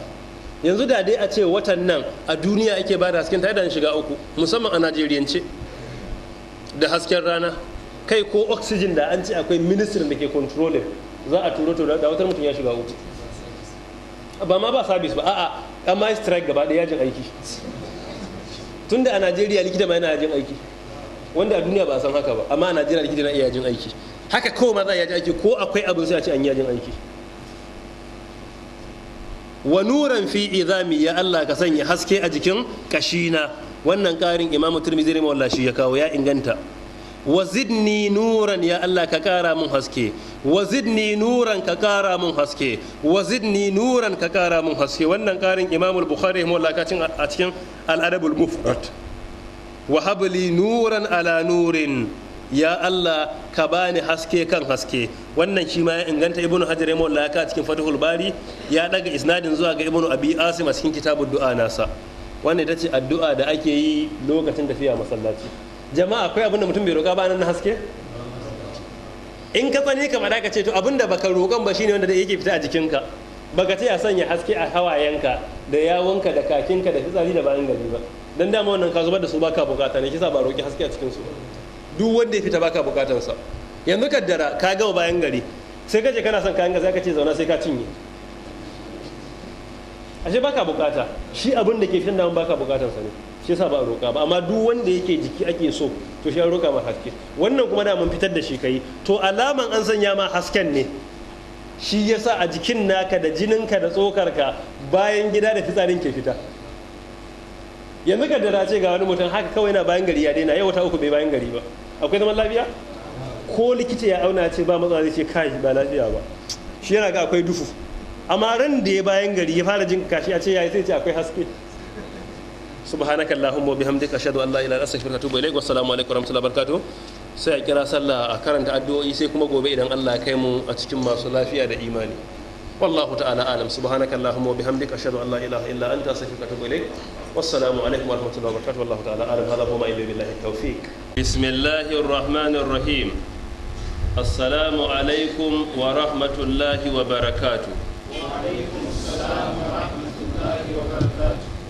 Speaker 1: yanzu da dai a ce watan nan a duniya ake ba da hasken ta da shiga uku musamman a najeriyance da hasken rana kai ko oxygen da an ce akwai ministry da ke controlling za a turo da wutar mutum ya shiga hutu ba ma ba service ba a'a amma strike gaba ɗaya yajin aiki tunda a najeriya likita ma yana yajin aiki wanda a duniya ba a san haka ba amma a najeriya likita na iya yajin aiki haka kawai ma za a yajin aiki ko akwai abin sai a ce an yajin aiki wa nuran fi izami ya Allah ka sanya haske a jikin kashina wannan karin imamu turmizi rahimahullah shi ya kawo ya inganta wa zidni nuran ya Allah ka kara mun haske wa nuran ka kara mun haske nuran ka kara mun haske wannan karin imamul bukhari mallakacin a cikin mufrad wa habli nuran ala nurin ya Allah ka bani haske kan haske wannan shi ma ya inganta ibnu hajar mallaka cikin fathul bari ya daga isnadin zuwa ga ibnu abi asim a cikin kitabud du'a nasa wannan ita ce addu'a da ake yi lokacin tafiya masallaci jama'a akwai abin da mutum bai roƙa ba nan na haske in ka tsani ka faɗa ka ce to abin da baka roƙon ba shine wanda da yake fita a jikinka baka ce a sanya haske a hawayenka da yawunka da kakinka da fitsari da bayan gari ba dan dama wannan ka zubar da su baka bukata ne kisa ba roƙi haske a cikin su duk wanda ya fita baka sa yanzu kaddara ka gama bayan gari sai ka je kana son kayan sai ka ce zauna sai ka cinye ashe baka bukata shi abin da ke fitan da baka sa ne shi yasa ba roƙa ba amma duk wanda yake jiki ake so to shi an roƙa ma haske wannan kuma da mun fitar da shi kai to alaman an sanya ma hasken ne shi yasa a jikin naka da jinin ka da tsokar ka bayan gida da fitsarin ke fita yanzu ka da ce ga wani mutum haka kawai na bayan gari ya daina yau wata uku bai bayan gari ba akwai zaman lafiya ko likita ya auna ce ba matsala zai ce kai ba lafiya ba shi yana ga akwai dufu amma ran da ya bayan gari ya fara jin kashi a ce yi sai ce akwai haske subhanaka allahumma bihamdika ashhadu an la ilaha illa anta astaghfiruka wa atubu ilaik wa assalamu alaikum warahmatullahi wabarakatuh sai a kira sallah a karanta addu'o'i sai kuma gobe idan Allah ya kai mu a cikin masu lafiya da imani wallahu ta'ala alam subhanaka allahumma wa bihamdika ashhadu an la ilaha illa anta astaghfiruka wa atubu ilaik wassalamu alaikum warahmatullahi wabarakatuh wallahu ta'ala alam hada huwa ma billahi tawfiq bismillahir rahmanir rahim assalamu alaikum wa rahmatullahi wa barakatuh wa alaikum assalam wa rahmatullahi wa barakatuh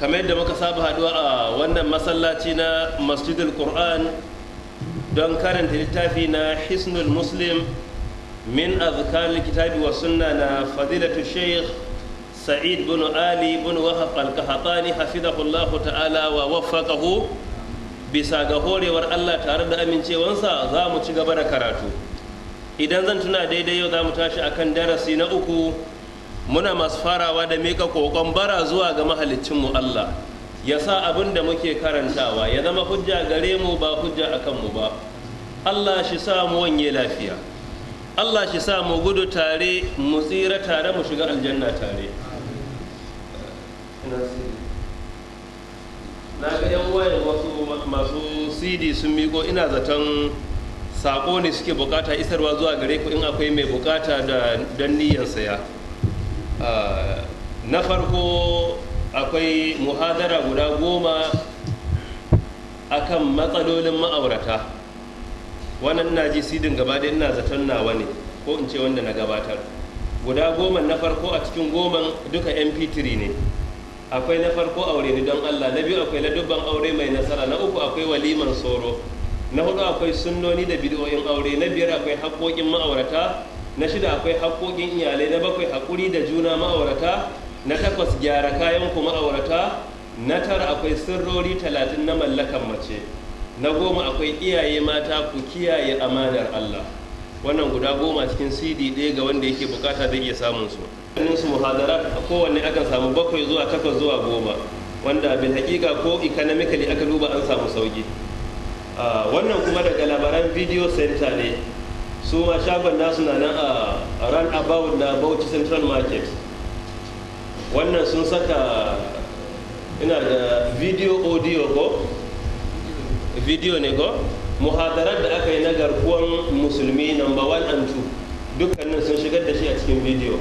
Speaker 1: kamar yadda muka saba haduwa a wannan masallaci na masjidul qur'an don karanta littafi na hisnul muslim min azkar kitabi wa sunna na fadilatu sheikh sa'id bin ali bin wahab al-qahtani hafizahullahu ta'ala wa waffaqahu bisa ga horewar Allah tare da amincewansa za mu ci gaba da karatu idan zan tuna daidai yau za mu tashi akan darasi na uku muna masu farawa da mika kokon bara zuwa ga mahalicinmu Allah ya sa abin da muke karantawa ya zama hujja gare mu ba hujja a kanmu ba Allah shi sa mu wanye lafiya Allah shi sa mu gudu tare mu tsira tare mu shiga aljanna tare na ga yan wayan wasu masu cd sun miko ina zaton sako ne suke bukata isarwa zuwa gare ku in akwai mai bukata da don niyyar saya Ah, na farko akwai muhadara guda goma akan matsalolin ma'aurata wannan na ji sidin gaba da ina zaton nawa ne ko in ce wanda na gabatar guda goma na farko a cikin goman duka mp3 ne akwai na farko aure ni don allah na biyu akwai ladubban aure mai nasara na uku akwai waliman soro na hudu akwai sunnoni da bidiyoyin aure na biyar akwai haƙoƙin ma'aurata na shida akwai haƙoƙin iyalai na bakwai haƙuri da juna ma'aurata na takwas gyara kayan ku ma'aurata na tara akwai sirrori talatin na mallakan mace na goma akwai iyaye mata ku kiyaye amanar Allah wannan guda goma cikin cd ɗaya ga wanda yake bukata zai iya samun su su muhadara kowanne aka samu bakwai zuwa takwas zuwa goma wanda bil hakika ko economically aka duba an samu sauki ah, wannan kuma daga labaran video center ne su ma shagon nasu na nan a ran about na bauchi central market wannan sun saka ina da video audio ko video ne ko muhadarar da aka yi na garkuwan musulmi number one and two dukkanin sun shigar da shi a cikin video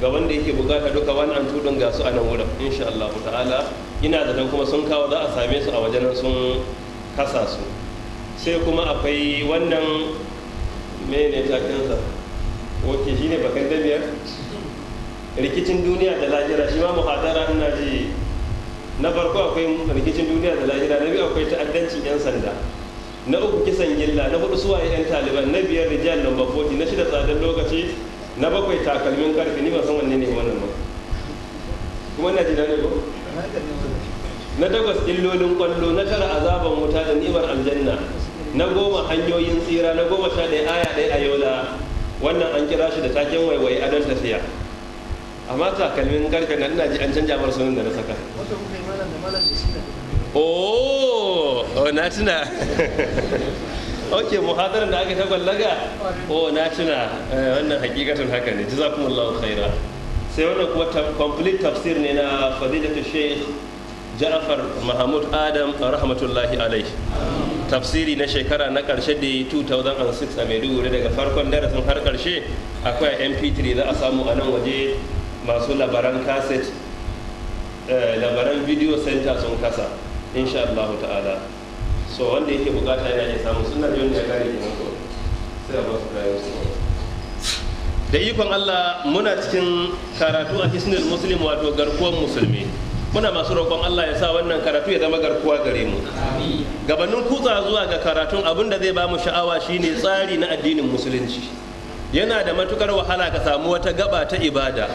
Speaker 1: ga wanda yake bukata duka one and two ga su a nan wurin insha Allah ta'ala ina da nan kuma sun kawo za a same su a wajen sun kasa su sai kuma akwai wannan me ne takensa ok shine bakan biyar rikicin duniya da lahira shi ma hadara ina ji na farko akwai rikicin duniya da lahira na biyu akwai ta'addanci yan sanda na uku kisan gilla na hudu suwaye yan taliban na biyar rijal number 40 na shida tsadan lokaci na bakwai takalmin karfi ni ba san wanne ne wannan ba kuma ina ji na ne ba na takwas illolin kwallo na tara azaban wuta da ni'imar aljanna na goma hanyoyin tsira na goma sha ɗaya aya ɗaya a yola wannan an kira shi da taken waiwai a don tafiya amma kalmin garka na ina ji an canja mar sunan da na saka oh, oh na tuna [laughs] ok muhadar da aka tagwallaga oh na tuna eh, wannan hakikatan haka ne jazakumullahu khaira sai wannan kuwa complete tafsir ne na fadilatu sheikh ja'far mahmud adam rahmatullahi alaihi tafsiri na shekara na karshe da yi 2006 a maiduguri daga farkon darasin har karshe akwai mp3 za a samu a nan waje masu labaran kaset eh, labaran video center sun kasa insha Allah ta'ala so wanda yake bukata yana ne samu suna da yadda ya gari kenan ko sai a su da ikon Allah muna cikin karatu a hisnul muslim wato garkuwar musulmi muna masu roƙon Allah ya sa wannan karatu ya zama garkuwa gare mu gabanin kutsa zuwa ga karatun abin da zai bamu sha'awa shine tsari na addinin musulunci yana da matukar wahala ka samu wata gaba ta ibada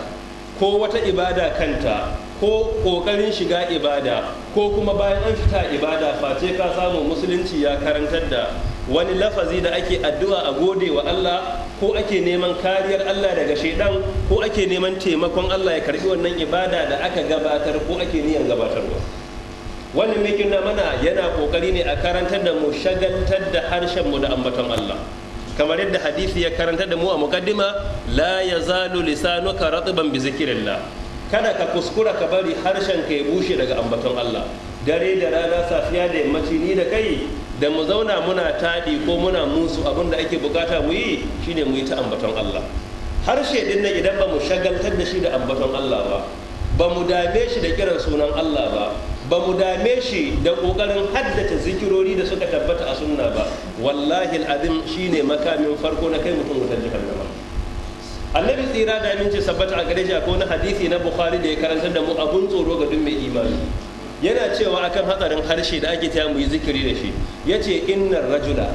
Speaker 1: ko wata ibada kanta ko kokarin shiga ibada ko kuma bayan an fita ibada face ka samu musulunci ya karantar da wani lafazi da ake addu'a a gode wa Allah ko ake neman kariyar Allah daga shaidan ko ake neman taimakon Allah ya karbi wannan ibada da aka gabatar ko ake niyan gabatarwa Wani mikin na mana yana kokari ne a karantar da mu shagaltar da harshen mu da ambaton Allah kamar yadda hadisi ya karantar da mu a mukaddima la yazalu lisanuka ratban bi zikrillah kada ka kuskura ka bari harshen ka ya bushe daga ambaton Allah dare da rana safiya da yammaci ni da kai da mu zauna muna tadi ko muna musu abin da ake bukata mu yi shine mu yi ta ambaton Allah harshe din nan idan ba mu shagaltar da shi da ambaton Allah ba ba mu dame shi da kiran sunan Allah ba ba mu dame shi da ƙoƙarin haddace zikirori da suka tabbata a sunna ba wallahi al'azim shine makamin farko na kai mutum wutar jahannama annabi tsira da aminci sabbata a gare shi ko na hadisi na bukhari da ya karanta da mu abun tsoro ga duk mai imani yana cewa akan hatsarin harshe da ake taya mu yi zikiri da shi yace innar rajula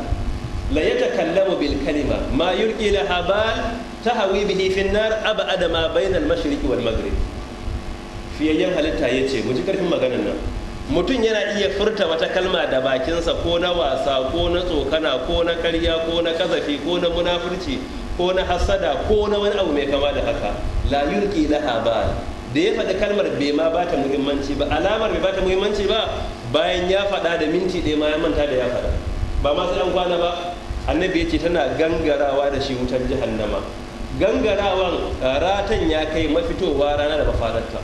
Speaker 1: la yatakallamu bil kalima ma la habal ta hawi bihi fi nar abada ma bayna al mashriqi wal maghrib fiyayyen halitta yace mu ji karfin maganar nan mutum yana iya furta wata kalma da bakinsa ko na wasa ko na tsokana ko na karya ko na kazafi ko na munafurci ko na hasada ko na wani abu mai kama da haka la yulqi la habal da ya faɗi kalmar bai ma ba ta muhimmanci ba alamar bai ba ta muhimmanci ba bayan ya faɗa da minti ɗaya ma ya manta da ya faɗa ba ma sai kwana ba annabi ya ce tana gangarawa da shi wutar jahannama gangarawan ratan ya kai mafitowa rana da mafararta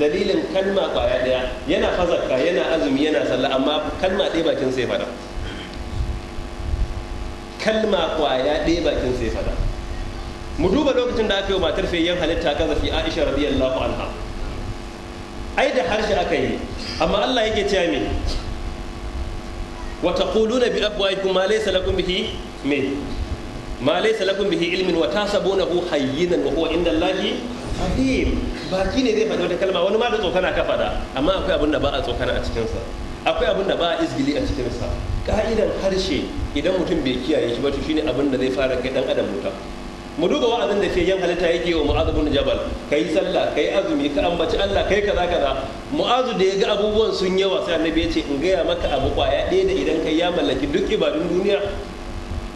Speaker 1: dalilin kalma ƙwaya ɗaya yana fazarka yana azumi yana salla amma kalma ɗaya bakin sai faɗa kalma kwaya ɗaya bakin sai faɗa mu duba lokacin da aka yi matar fayyan halitta kaza fi aisha radiyallahu anha ai da harshe aka yi amma Allah yake cewa me wa taquluna bi abwaikum ma laysa lakum bihi me ma laysa lakum bihi ilmin wa tasabunahu hayyinan wa huwa inda Allahi azim baki ne zai faɗi wata kalma wani ma da tsokana ka faɗa amma akwai abin da ba a tsokana a cikinsa akwai abin da ba a izgili a cikinsa ka'idan harshe idan mutum bai kiyaye shi ba to shine abin da zai fara kai dan adam mutum mu duba wa'azin da ke yan halitta yake wa mu'azu bin jabal kai sallah kai azumi ka ambaci Allah kai kaza kaza mu'azu da ya ga abubuwan sun yawa sai annabi ya ce in gaya maka abu kwaya ɗaya da idan kai ya mallaki duk ibadun duniya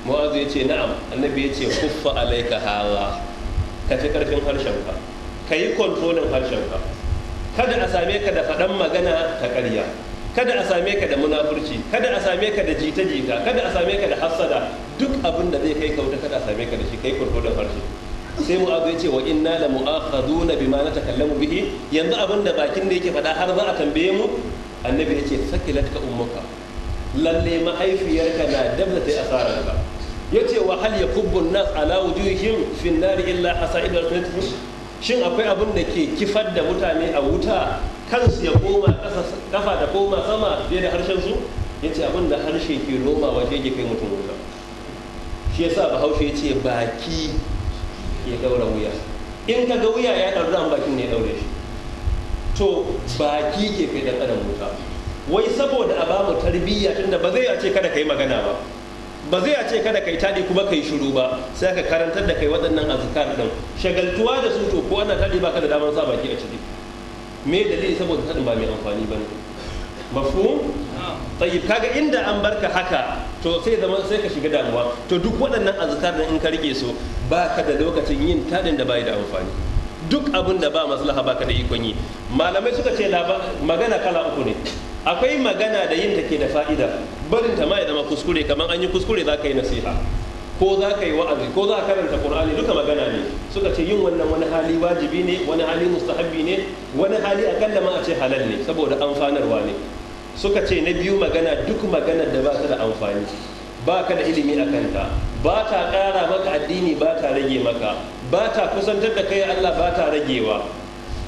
Speaker 1: mu'azu ya ce na'am annabi ya ce kuffa alaika hawa ka fi karfin harshen ka ka kontrolin harshen ka kada a same ka da faɗan magana ta ƙarya kada a same ka da munafurci kada a same ka da jita-jita kada a same ka da hassada duk abin da zai kai kauta kada a same ka da shi kai da farce sai mu abu ya ce wa inna la mu'akhaduna bima natakallamu bihi yanzu abin da bakin da yake faɗa har za a tambaye mu annabi yace ka ummuka lalle mahaifiyarka na dabla ta asarar ka yace wa hal yakubbu an-nas ala wujuhihim fi an-nar illa a al shin akwai abin da ke kifar da mutane a wuta kansu ya koma kafa da koma sama fiye da harshen su ya ce abin da harshe ke roma shi ke kai mutum wuta shi ya yasa bahaushe ya ce baki ya daura wuya in ka ga wuya ya ɗaura an bakin ne ya daure shi to baki ke kai da adam wuta wai saboda a ba mu tarbiyya tunda ba zai a ce kada ka yi magana ba ba zai ce kada kai tadi kuma kai shiru ba sai ka karantar da kai waɗannan azkar din shagaltuwa da su to ko wannan tadi ba da daman sa baki a ciki me dalili saboda tadin ba mai amfani bane mafhum tayyib kaga inda an barka haka to sai zama sai ka shiga damuwa to duk waɗannan azkar din in ka rike su baka da lokacin yin tadin da bai da amfani duk abin da ba maslaha baka da ikon yi malamai suka ce magana kala uku ne akwai magana da yin take da fa'ida barin ta ma ya zama kuskure kamar an yi kuskure za ka yi nasiha ko za ka yi wa'azi ko za ka karanta qur'ani duka magana ne suka ce yin wannan wani hali wajibi ne wani hali mustahabbi ne wani hali akalla ma a ce halal ne saboda amfanarwa ne suka ce na biyu magana duk magana da ba ta da amfani ba ka da ilimi a kanta ba ta ƙara maka addini ba ta rage maka ba ta kusantar da kai Allah ba ta ragewa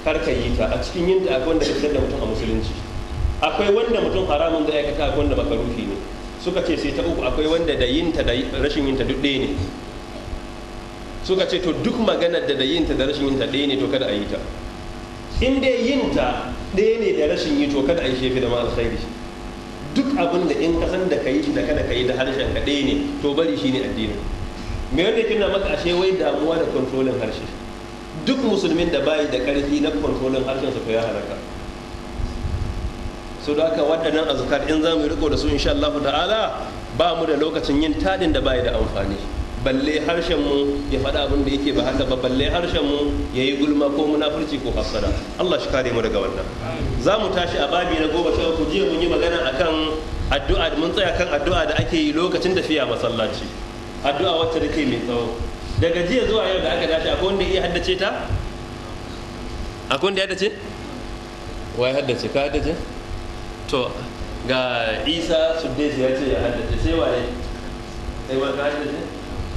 Speaker 1: kar ka yi ta a cikin yin ta akwai wanda ka fitar da mutum a musulunci akwai wanda mutum haramun zai aikata akwai wanda makarufi ne suka ce sai ta uku akwai wanda da yinta da rashin yinta duk ɗaya ne suka ce to duk maganar da da yinta da rashin yinta ɗaya ne to kada a yi ta in dai yinta ɗaya ne da rashin yi to kada a yi shefi da sai shi duk abin da in kasan da ka yi shi da kada ka yi da harshen ka ɗaya ne to bari shi ne addini me wanda yake na maka ashe wai damuwa da kontrolin harshe duk musulmin da bayi da ƙarfi na kontrolin harshen su to ya halaka so da haka waɗannan azkar in za mu riko da su insha Allah ta'ala ba mu da lokacin yin tadin da bai da amfani balle harshen mu ya faɗa abin da yake ba haka ba balle harshen mu yayi gulma ko munafurci ko hasada Allah shi kare mu daga wannan za mu tashi a babi na goma sha uku jiya mun yi magana akan addu'a mun tsaya kan addu'a da ake yi lokacin tafiya masallaci addu'a wacce da ke mai tsawo daga jiya zuwa yau da aka tashi akwai wanda ya haddace ta akwai wanda ya haddace wai haddace ka haddace to ga isa suddes ya ce ya haddace sai waye sai ma ka haddace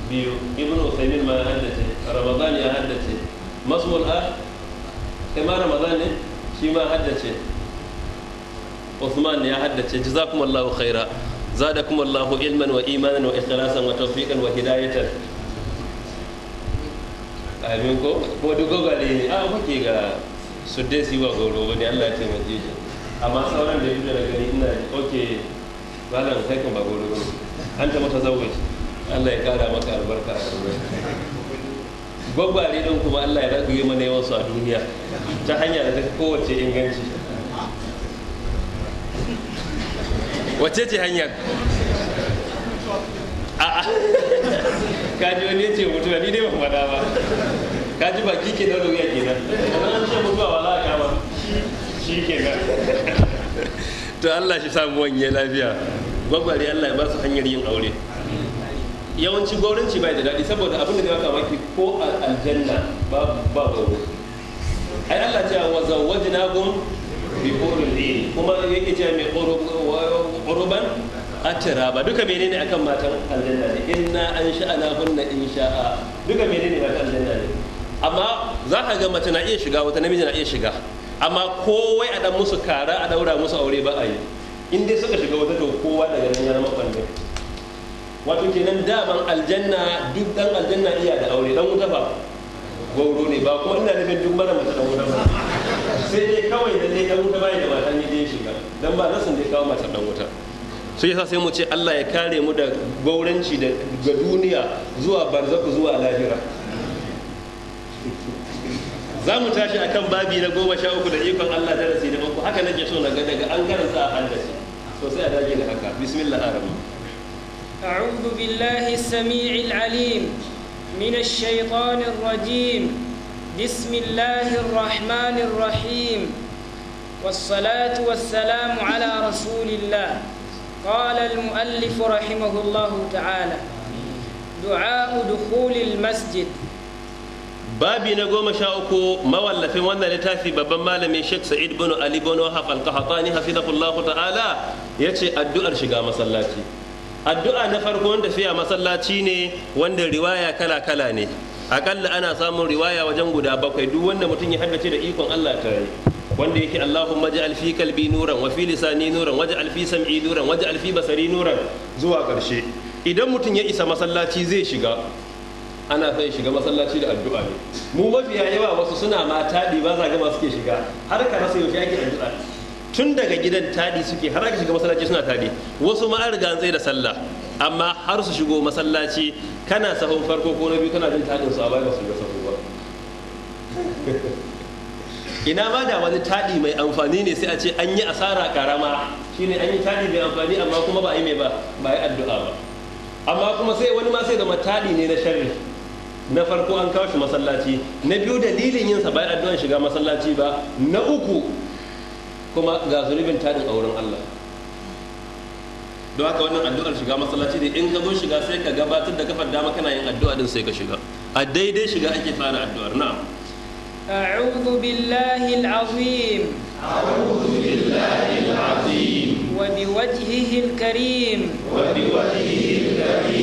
Speaker 1: biyu ibn usaymin ma ya haddace ramadan ya haddace masmul a sai ma ramadan ne shi ma haddace usman ya haddace jazakumullahu khaira zadakumullahu ilman wa imanan wa ikhlasan wa tawfiqan wa hidayatan amin ko ko duk ne a ah, kuke ga sudde siwa goro ne Allah ya taimake shi amma sauran da yi da gani ina ok malam kai kan ba goro an ta mata zawai Allah ya kara maka albarka a gwagware don kuma Allah ya rage mana su a duniya ta hanya da ta kowace inganci wace ce hanyar kaji wani ce mutuwa ni dai ba kuma ba kaji baki ke daura wuya kenan kamar an ce mutuwa wala kama shi kenan [laughs] to Allah shi samu wanye lafiya gwagwari Allah ya ba su hanyar yin aure yawanci gwauranci bai da daɗi saboda abin da zai baka maki ko aljanna ba ba ai Allah ce wa zawwajnakum bi qurul ayn kuma yake cewa mai qurban atira ba duka menene akan matan aljanna ne inna an hunna insha'a duka menene matan aljanna ne amma za ka ga mace na iya shiga wata namiji na iya shiga amma kowai a dan musu kara a daura musu aure ba a yi in dai suka shiga wata to kowa daga nan ya zama ɓangare wato kenan daman aljanna duk dan aljanna iya da aure dan wuta ba gauro ne ba kuma ina nufin duk mara mace dan wuta ba sai dai kawai da dai dan wuta bai da mata ne dai shiga dan ba nasin dai kawo mace dan wuta su yasa sai mu ce Allah ya kare mu da gauranci da ga duniya zuwa barzaku zuwa lahira za mu tashi a kan babi na goma sha uku da ikon Allah da rasi da uku haka nake so na ga daga an karanta a haddace to sai a dage da haka bismillah arama
Speaker 2: أعوذ بالله السميع العليم من الشيطان الرجيم بسم الله الرحمن الرحيم والصلاة والسلام على رسول الله قال المؤلف رحمه الله تعالى
Speaker 1: دعاء دخول المسجد babi na goma sha uku mawallafin wannan littafi babban malamin sheikh sa'id bin ali bin wahab al-qahtani hafizahullah ta'ala yace addu'ar shiga masallaci addu'a na farko wanda fiya masallaci ne wanda riwaya kala kala ne akalla ana samun riwaya wajen guda bakwai duk wanda mutum ya haddace da ikon Allah ta yi wanda yake Allahumma ja'al fi kalbi nuran wa fi lisani nuran ja'al fi sam'i nuran ja'al fi basari nuran zuwa karshe idan mutum ya isa masallaci zai shiga ana son shiga masallaci da addu'a ne mu mafiya yawa wasu suna ma taɗi ba za gama suke shiga har ka rasa yaushe ake addu'a tun daga gidan taɗi suke har ake shiga masallaci suna taɗi wasu ma an riga tsaye da sallah amma har su shigo masallaci kana sahun farko ko na biyu kana jin taɗin su a baya su shiga sahu ba [laughs] ina ma da wani taɗi mai amfani ne sai a ce an yi asara karama shine an yi taɗi mai amfani amma kuma ba a yi mai ba ba yi addu'a ba amma kuma sai wani ma sai zama taɗi ne na sharri na farko an kawo shi masallaci na biyu dalilin yin sa bai addu'an shiga masallaci ba na uku kuma ga zunubin tadin a wurin Allah don haka wannan addu'ar shiga masallaci ne in ka zo shiga sai ka gabatar da kafar dama kana yin addu'a din sai ka shiga a daidai shiga ake fara addu'ar na'am
Speaker 2: أعوذ بالله العظيم أعوذ بالله العظيم وبوجهه الكريم وبوجهه الكريم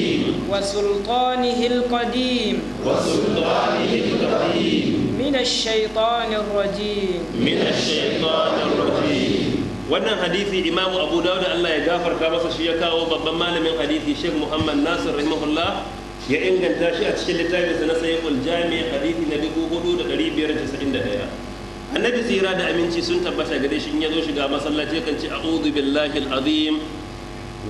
Speaker 2: وسلطانه القديم وسلطانه القديم من الشيطان الرجيم من الشيطان الرجيم
Speaker 1: wannan hadisi imamu abu dawud Allah ya gafarta masa shi ya kawo babban malamin hadisi sheikh muhammad nasir rahimahullah ya inganta shi a cikin littafinsa na sayyidul jami hadisi na 4591 annabi tsira da aminci sun tabbata gare shi ya zo shiga masallaci kan ce a'udhu billahi al-azim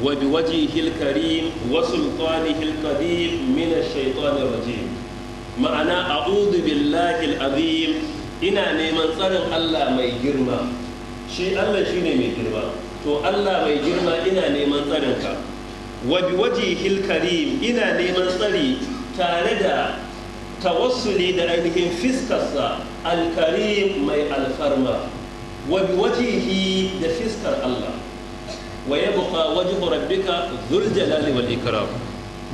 Speaker 1: وبوجهه الكريم وسلطانه القديم من الشيطان الرجيم معنا أعوذ بالله العظيم إنا نيمان صرم الله ما يجرما شيء الله شيء ما يجرما تو الله ما يجرما إنا نيمان صرمك وبوجهه الكريم إنا نيمان صري تاردا توصلي دا أينهم فسكسا الكريم ما الفرما وبوجهه دا فسكر الله wa yabqa wajhu rabbika dhul wal ikram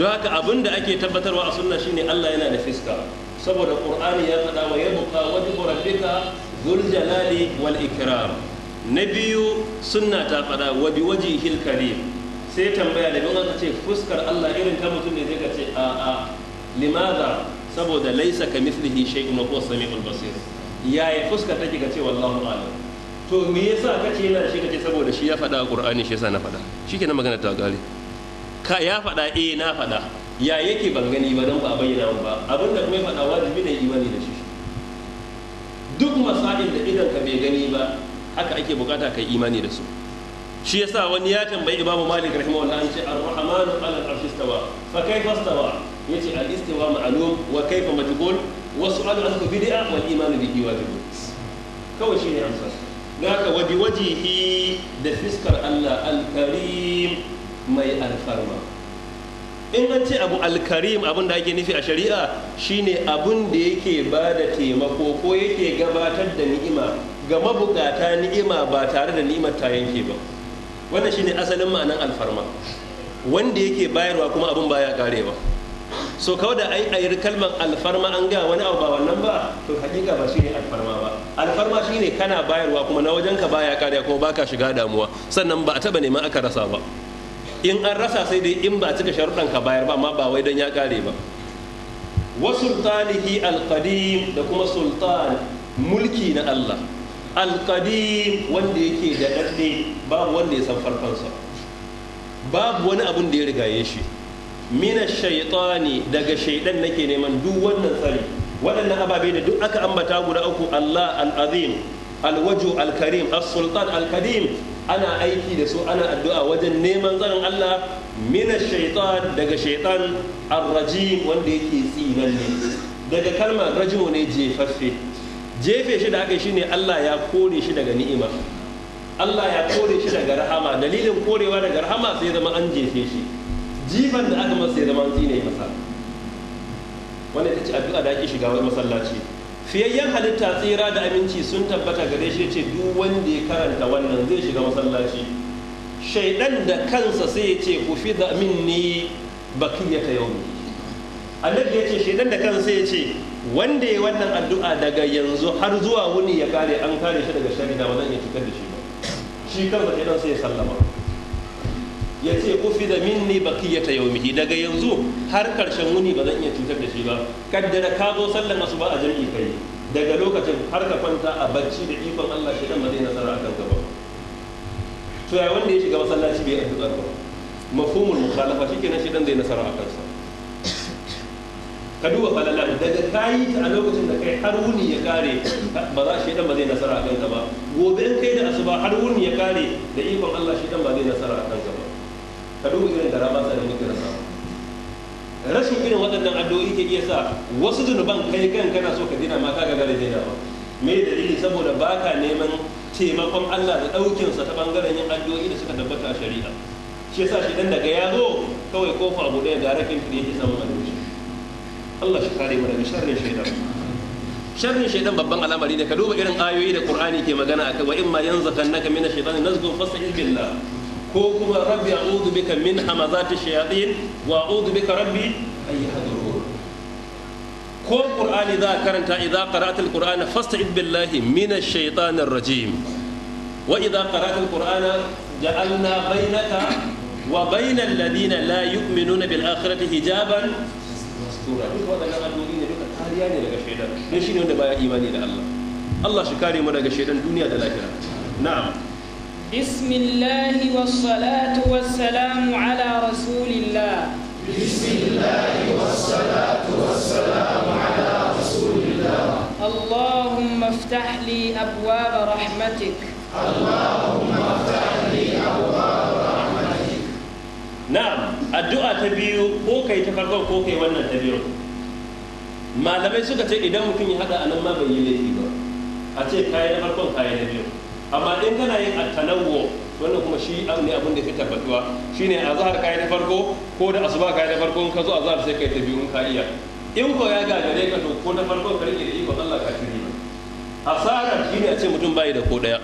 Speaker 1: don haka abin da ake tabbatarwa a sunna shine Allah yana da fiska saboda ƙur'ani ya faɗa wa yabqa wajhu rabbika dhul jalali wal ikram na biyu sunna ta faɗa wa bi sai tambaya da bin aka ce fuskar Allah irin ta mutum ne zai ka ce a a limaza saboda laisa ka mislihi shay'un wa huwa samiul basir yaya fuskar take ka ce wallahu a'lam to me yasa kace yana shi kace saboda shi ya faɗa a Qur'ani shi yasa na faɗa shikenan magana ta gare ka ya faɗa eh na faɗa ya yake ban gani ba dan ba bayyana mu ba abinda kuma ya faɗa wajibi ne imani da shi duk masalin da idan ka bai gani ba haka ake bukata kai imani da su shi yasa wani ya tambayi imamu malik rahimahullah an ce ar-rahman ala al-arsh istawa fa kayfa istawa yace al-istiwa ma'lum wa kayfa majhul wa su'al al bid'a wal iman bihi wajib kawai shi ne amsa ka waje wajihi da fiskar Allah alkarim mai alfarma in an ce abu alkarim abin da ake nufi a shari'a shine abin da yake ba da taimako ko yake gabatar da ni'ima ga mabukata ni'ima ba tare da ni'imar ta yanke ba wannan shine asalin ma'anar alfarma wanda yake bayarwa kuma abin baya karewa so kawai da ai ayar kalmar alfarma an ga wani abu ba wannan ba to hakika ba shine alfarma ba alfarma shine kana bayarwa kuma na wajen ka baya kariya kuma baka shiga damuwa sannan ba a taba neman aka rasa ba in an rasa sai dai in ba cika sharuɗan ka bayar ba amma ba wai dan ya kare ba wa sultanihi alqadim da kuma sultan mulki na Allah alqadim wanda yake da dadde babu wanda ya san farkonsa babu wani abun da ya rigaye shi mina shaitani daga shaidan nake neman duk wannan tsari waɗannan ababe da duk aka ambata guda uku Allah al-azim al-waju al-karim as-sultan al-kadim ana aiki da su ana addu'a wajen neman tsarin Allah mina shaitan daga shaitan ar-rajim wanda yake ne. daga kalmar rajimu ne jefaffe jefe shi da aka shi ne Allah ya kore shi daga ni'ima Allah ya kore shi daga rahama dalilin korewa daga rahama sai zama an jefe shi Jifan da aka masa ya zama tsine masa wanda ta ce addu'a da ake shiga wani masallaci fiyayyen halitta tsira da aminci sun tabbata gare shi ce duk wanda ya karanta wannan zai shiga masallaci shaidan da kansa sai ya ce ku fi da min ni ya ta yau annabi ya ce shaidan da kansa ya ce wanda ya wannan addu'a daga yanzu har zuwa wuni ya kare an kare shi daga sharia da ba zan iya cutar da shi ba shi kansa shaidan sai ya sallama ya ce ufi da minni baqiyata yaumihi daga yanzu har karshen wuni ba zan iya cutar da shi ba kaddara ka zo sallan ba a jirgi kai daga lokacin har ka kwanta a bacci da ikon Allah shi dan ba zai nasara a ka ba to ya wanda ya shiga masallaci bai addu'a ba mafhumul mukhalafa kenan shi dan zai nasara kan sa ka duba falala daga kayi ta a lokacin da kai har wuni ya kare ba za shi dan ba zai nasara a kanka ba gobe in kai da asuba har wuni ya kare da ikon Allah shi dan ba zai nasara a kanka ba ka duba irin da rama da muke rasa rashin irin waɗannan addu'o'i ke iya sa wasu zunuban kai kan kana so ka dina ma ka ga gare daina ba me dalili saboda baka neman taimakon Allah da daukin sa ta bangaren yin addu'o'i da suka tabbata a shari'a shi yasa shi dan daga ya zo kawai kofa abu ɗaya da kin da yake samun addu'o'i Allah shi kare mu daga sharrin shaytan sharrin shaytan babban al'amari ne ka duba irin ayoyi da Qur'ani ke magana akai wa imma yanzakannaka minash shaitani nazghun fasta'id billah ko kuma rabbi a'udhu bika min hamazati shayatin wa a'udhu bika rabbi an ko qur'ani za karanta idza qara'atil qur'ana fasta'id billahi minash shaitanir rajim wa idza qara'atil ja'alna bainaka wa bainal ladina la yu'minuna bil akhirati hijaban mastura duk wadannan addu'o'i ne duka kariya ne daga shaitan dan shine wanda baya imani da Allah Allah shi kare mu daga shaitan duniya da lahira na'am
Speaker 2: بسم الله والصلاة والسلام على رسول الله بسم الله والصلاة والسلام على رسول الله اللهم افتح لي أبواب رحمتك اللهم افتح لي أبواب رحمتك
Speaker 1: نعم الدعاء تبيو كوكي تفرقوا كوكي وانا تبيو ما لم يسوك إذا ممكن هذا أنا ما بيلي ba a ce كاي na farkon kayi amma in kana yin atanawo wannan kuma shi ne abin da fi tabbatuwa shine zahar kai na farko ko da asuba kai na farko in ka zo zahar sai kai ta biyu in ka iya in ko ya gagare ka to ko na farko ka rike da iko Allah ka shiri asara ne a ce mutum bai da ko daya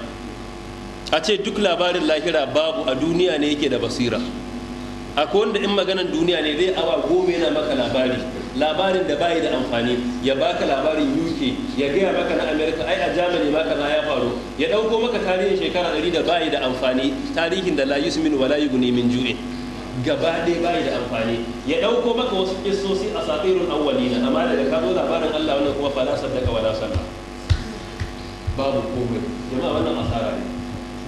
Speaker 1: a ce duk labarin lahira babu a duniya ne yake da basira akwai wanda in maganar duniya ne zai awa gome na maka labari labarin da bayi da amfani ya baka labarin UK ya gaya maka na America ai a Germany ma na ya faru ya dauko maka tarihin shekara 100 da bayi da amfani tarihin da la yusmin wa la min ju'in gaba ɗaya bayi da amfani ya ɗauko maka wasu kissosi a satirun awwalina amma daga ka zo labarin Allah wannan kuma fa la sadaka wa babu komai jama'a wannan asara ne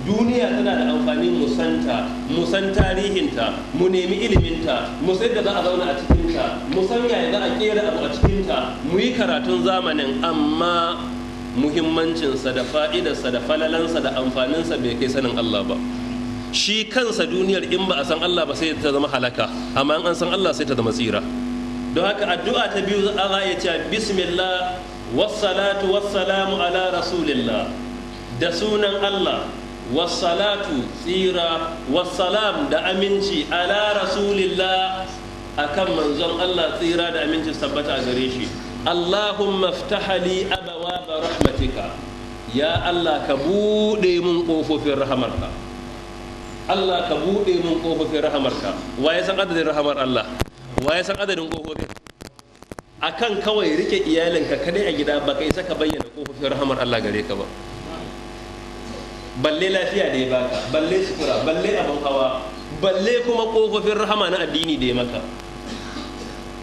Speaker 1: duniya tana da amfani musanta musan tarihinta mu nemi iliminta mu san da za a zauna a cikinta mu san yaya za a kera abu a cikinta mu yi karatun zamanin amma muhimmancinsa da fa'idarsa da falalansa da amfaninsa bai kai sanin Allah ba shi kansa duniyar in ba a san Allah ba sai ta zama halaka amma in an san Allah sai ta zama tsira don haka addu'a ta biyu za a ya ce bismillah wassalatu wassalamu ala rasulillah da sunan Allah wassalatu tsira wassalam da aminci ala rasulillah akan manzon Allah tsira da aminci tabbata a gare shi Allahumma ftahali abawa ba rahmatika ya Allah ka buɗe mun ƙofofin rahamarka Allah ka buɗe mun ƙofofin rahamarka wa ya san adadin rahamar Allah wa ya san adadin ƙofofin akan kawai rike iyalinka kadai a gida baka isa ka bayyana ƙofofin rahamar Allah gare ka ba balle lafiya da ya baka balle sukura balle abin hawa balle kuma kofofin rahama na addini da ya maka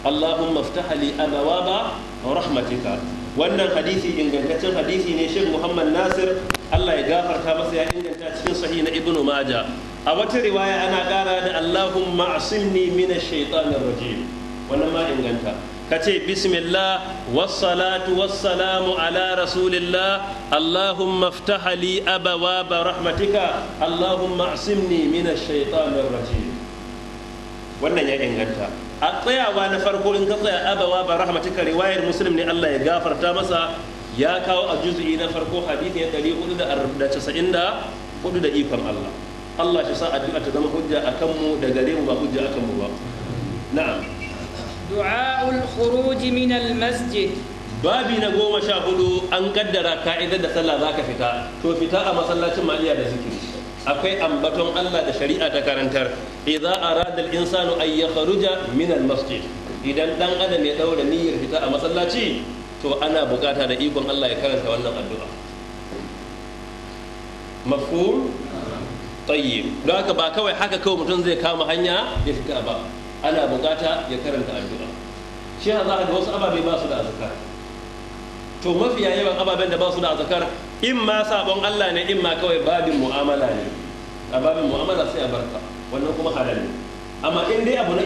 Speaker 1: Allahumma ftah li ba rahmatika wannan hadisi ingantaccen hadisi ne shi Muhammad Nasir Allah ya gafarta masa ya inganta cikin sahih na Ibn maja. a wata riwaya ana ƙara da Allahumma asilni mina shaitanir rajim wannan ma inganta ka ce bismillah wassalatu wassalamu ala rasulillah allahumma aftaha li abawaba rahmatika allahumma asimni min ash-shaytanir rajim wannan ya inganta a tsayawa na farko in ka tsaya abawaba rahmatika riwayar muslim ne Allah ya gafarta masa ya kawo a juz'i na farko hadisi ya 494 da da da casa'in ikon Allah Allah shi sa addu'a ta zama hujja akan mu da gare mu ba hujja akan mu ba na'am
Speaker 2: du'a al-khuruj masjid
Speaker 1: babi na goma sha hudu an kaddara ka'idar da sallah zaka fita to fita a masallacin maliya da zikiri akwai ambaton Allah da shari'a ta karantar za arada al-insanu ay yakhruja min al-masjid idan dan adam ya daura niyyar fita a masallaci to ana bukata da ikon Allah ya karanta wannan addu'a mafhum tayyib don haka ba kawai haka kawai mutum zai kama hanya ya fita ba ana bukata ya karanta addu'a shi za a wasu ababe ba su da azkar to mafiya yawan ababen da ba su da azkar in ma sabon Allah ne in ma kawai babin mu'amala ne a babin mu'amala sai a barka wannan kuma halal ne amma in dai abu na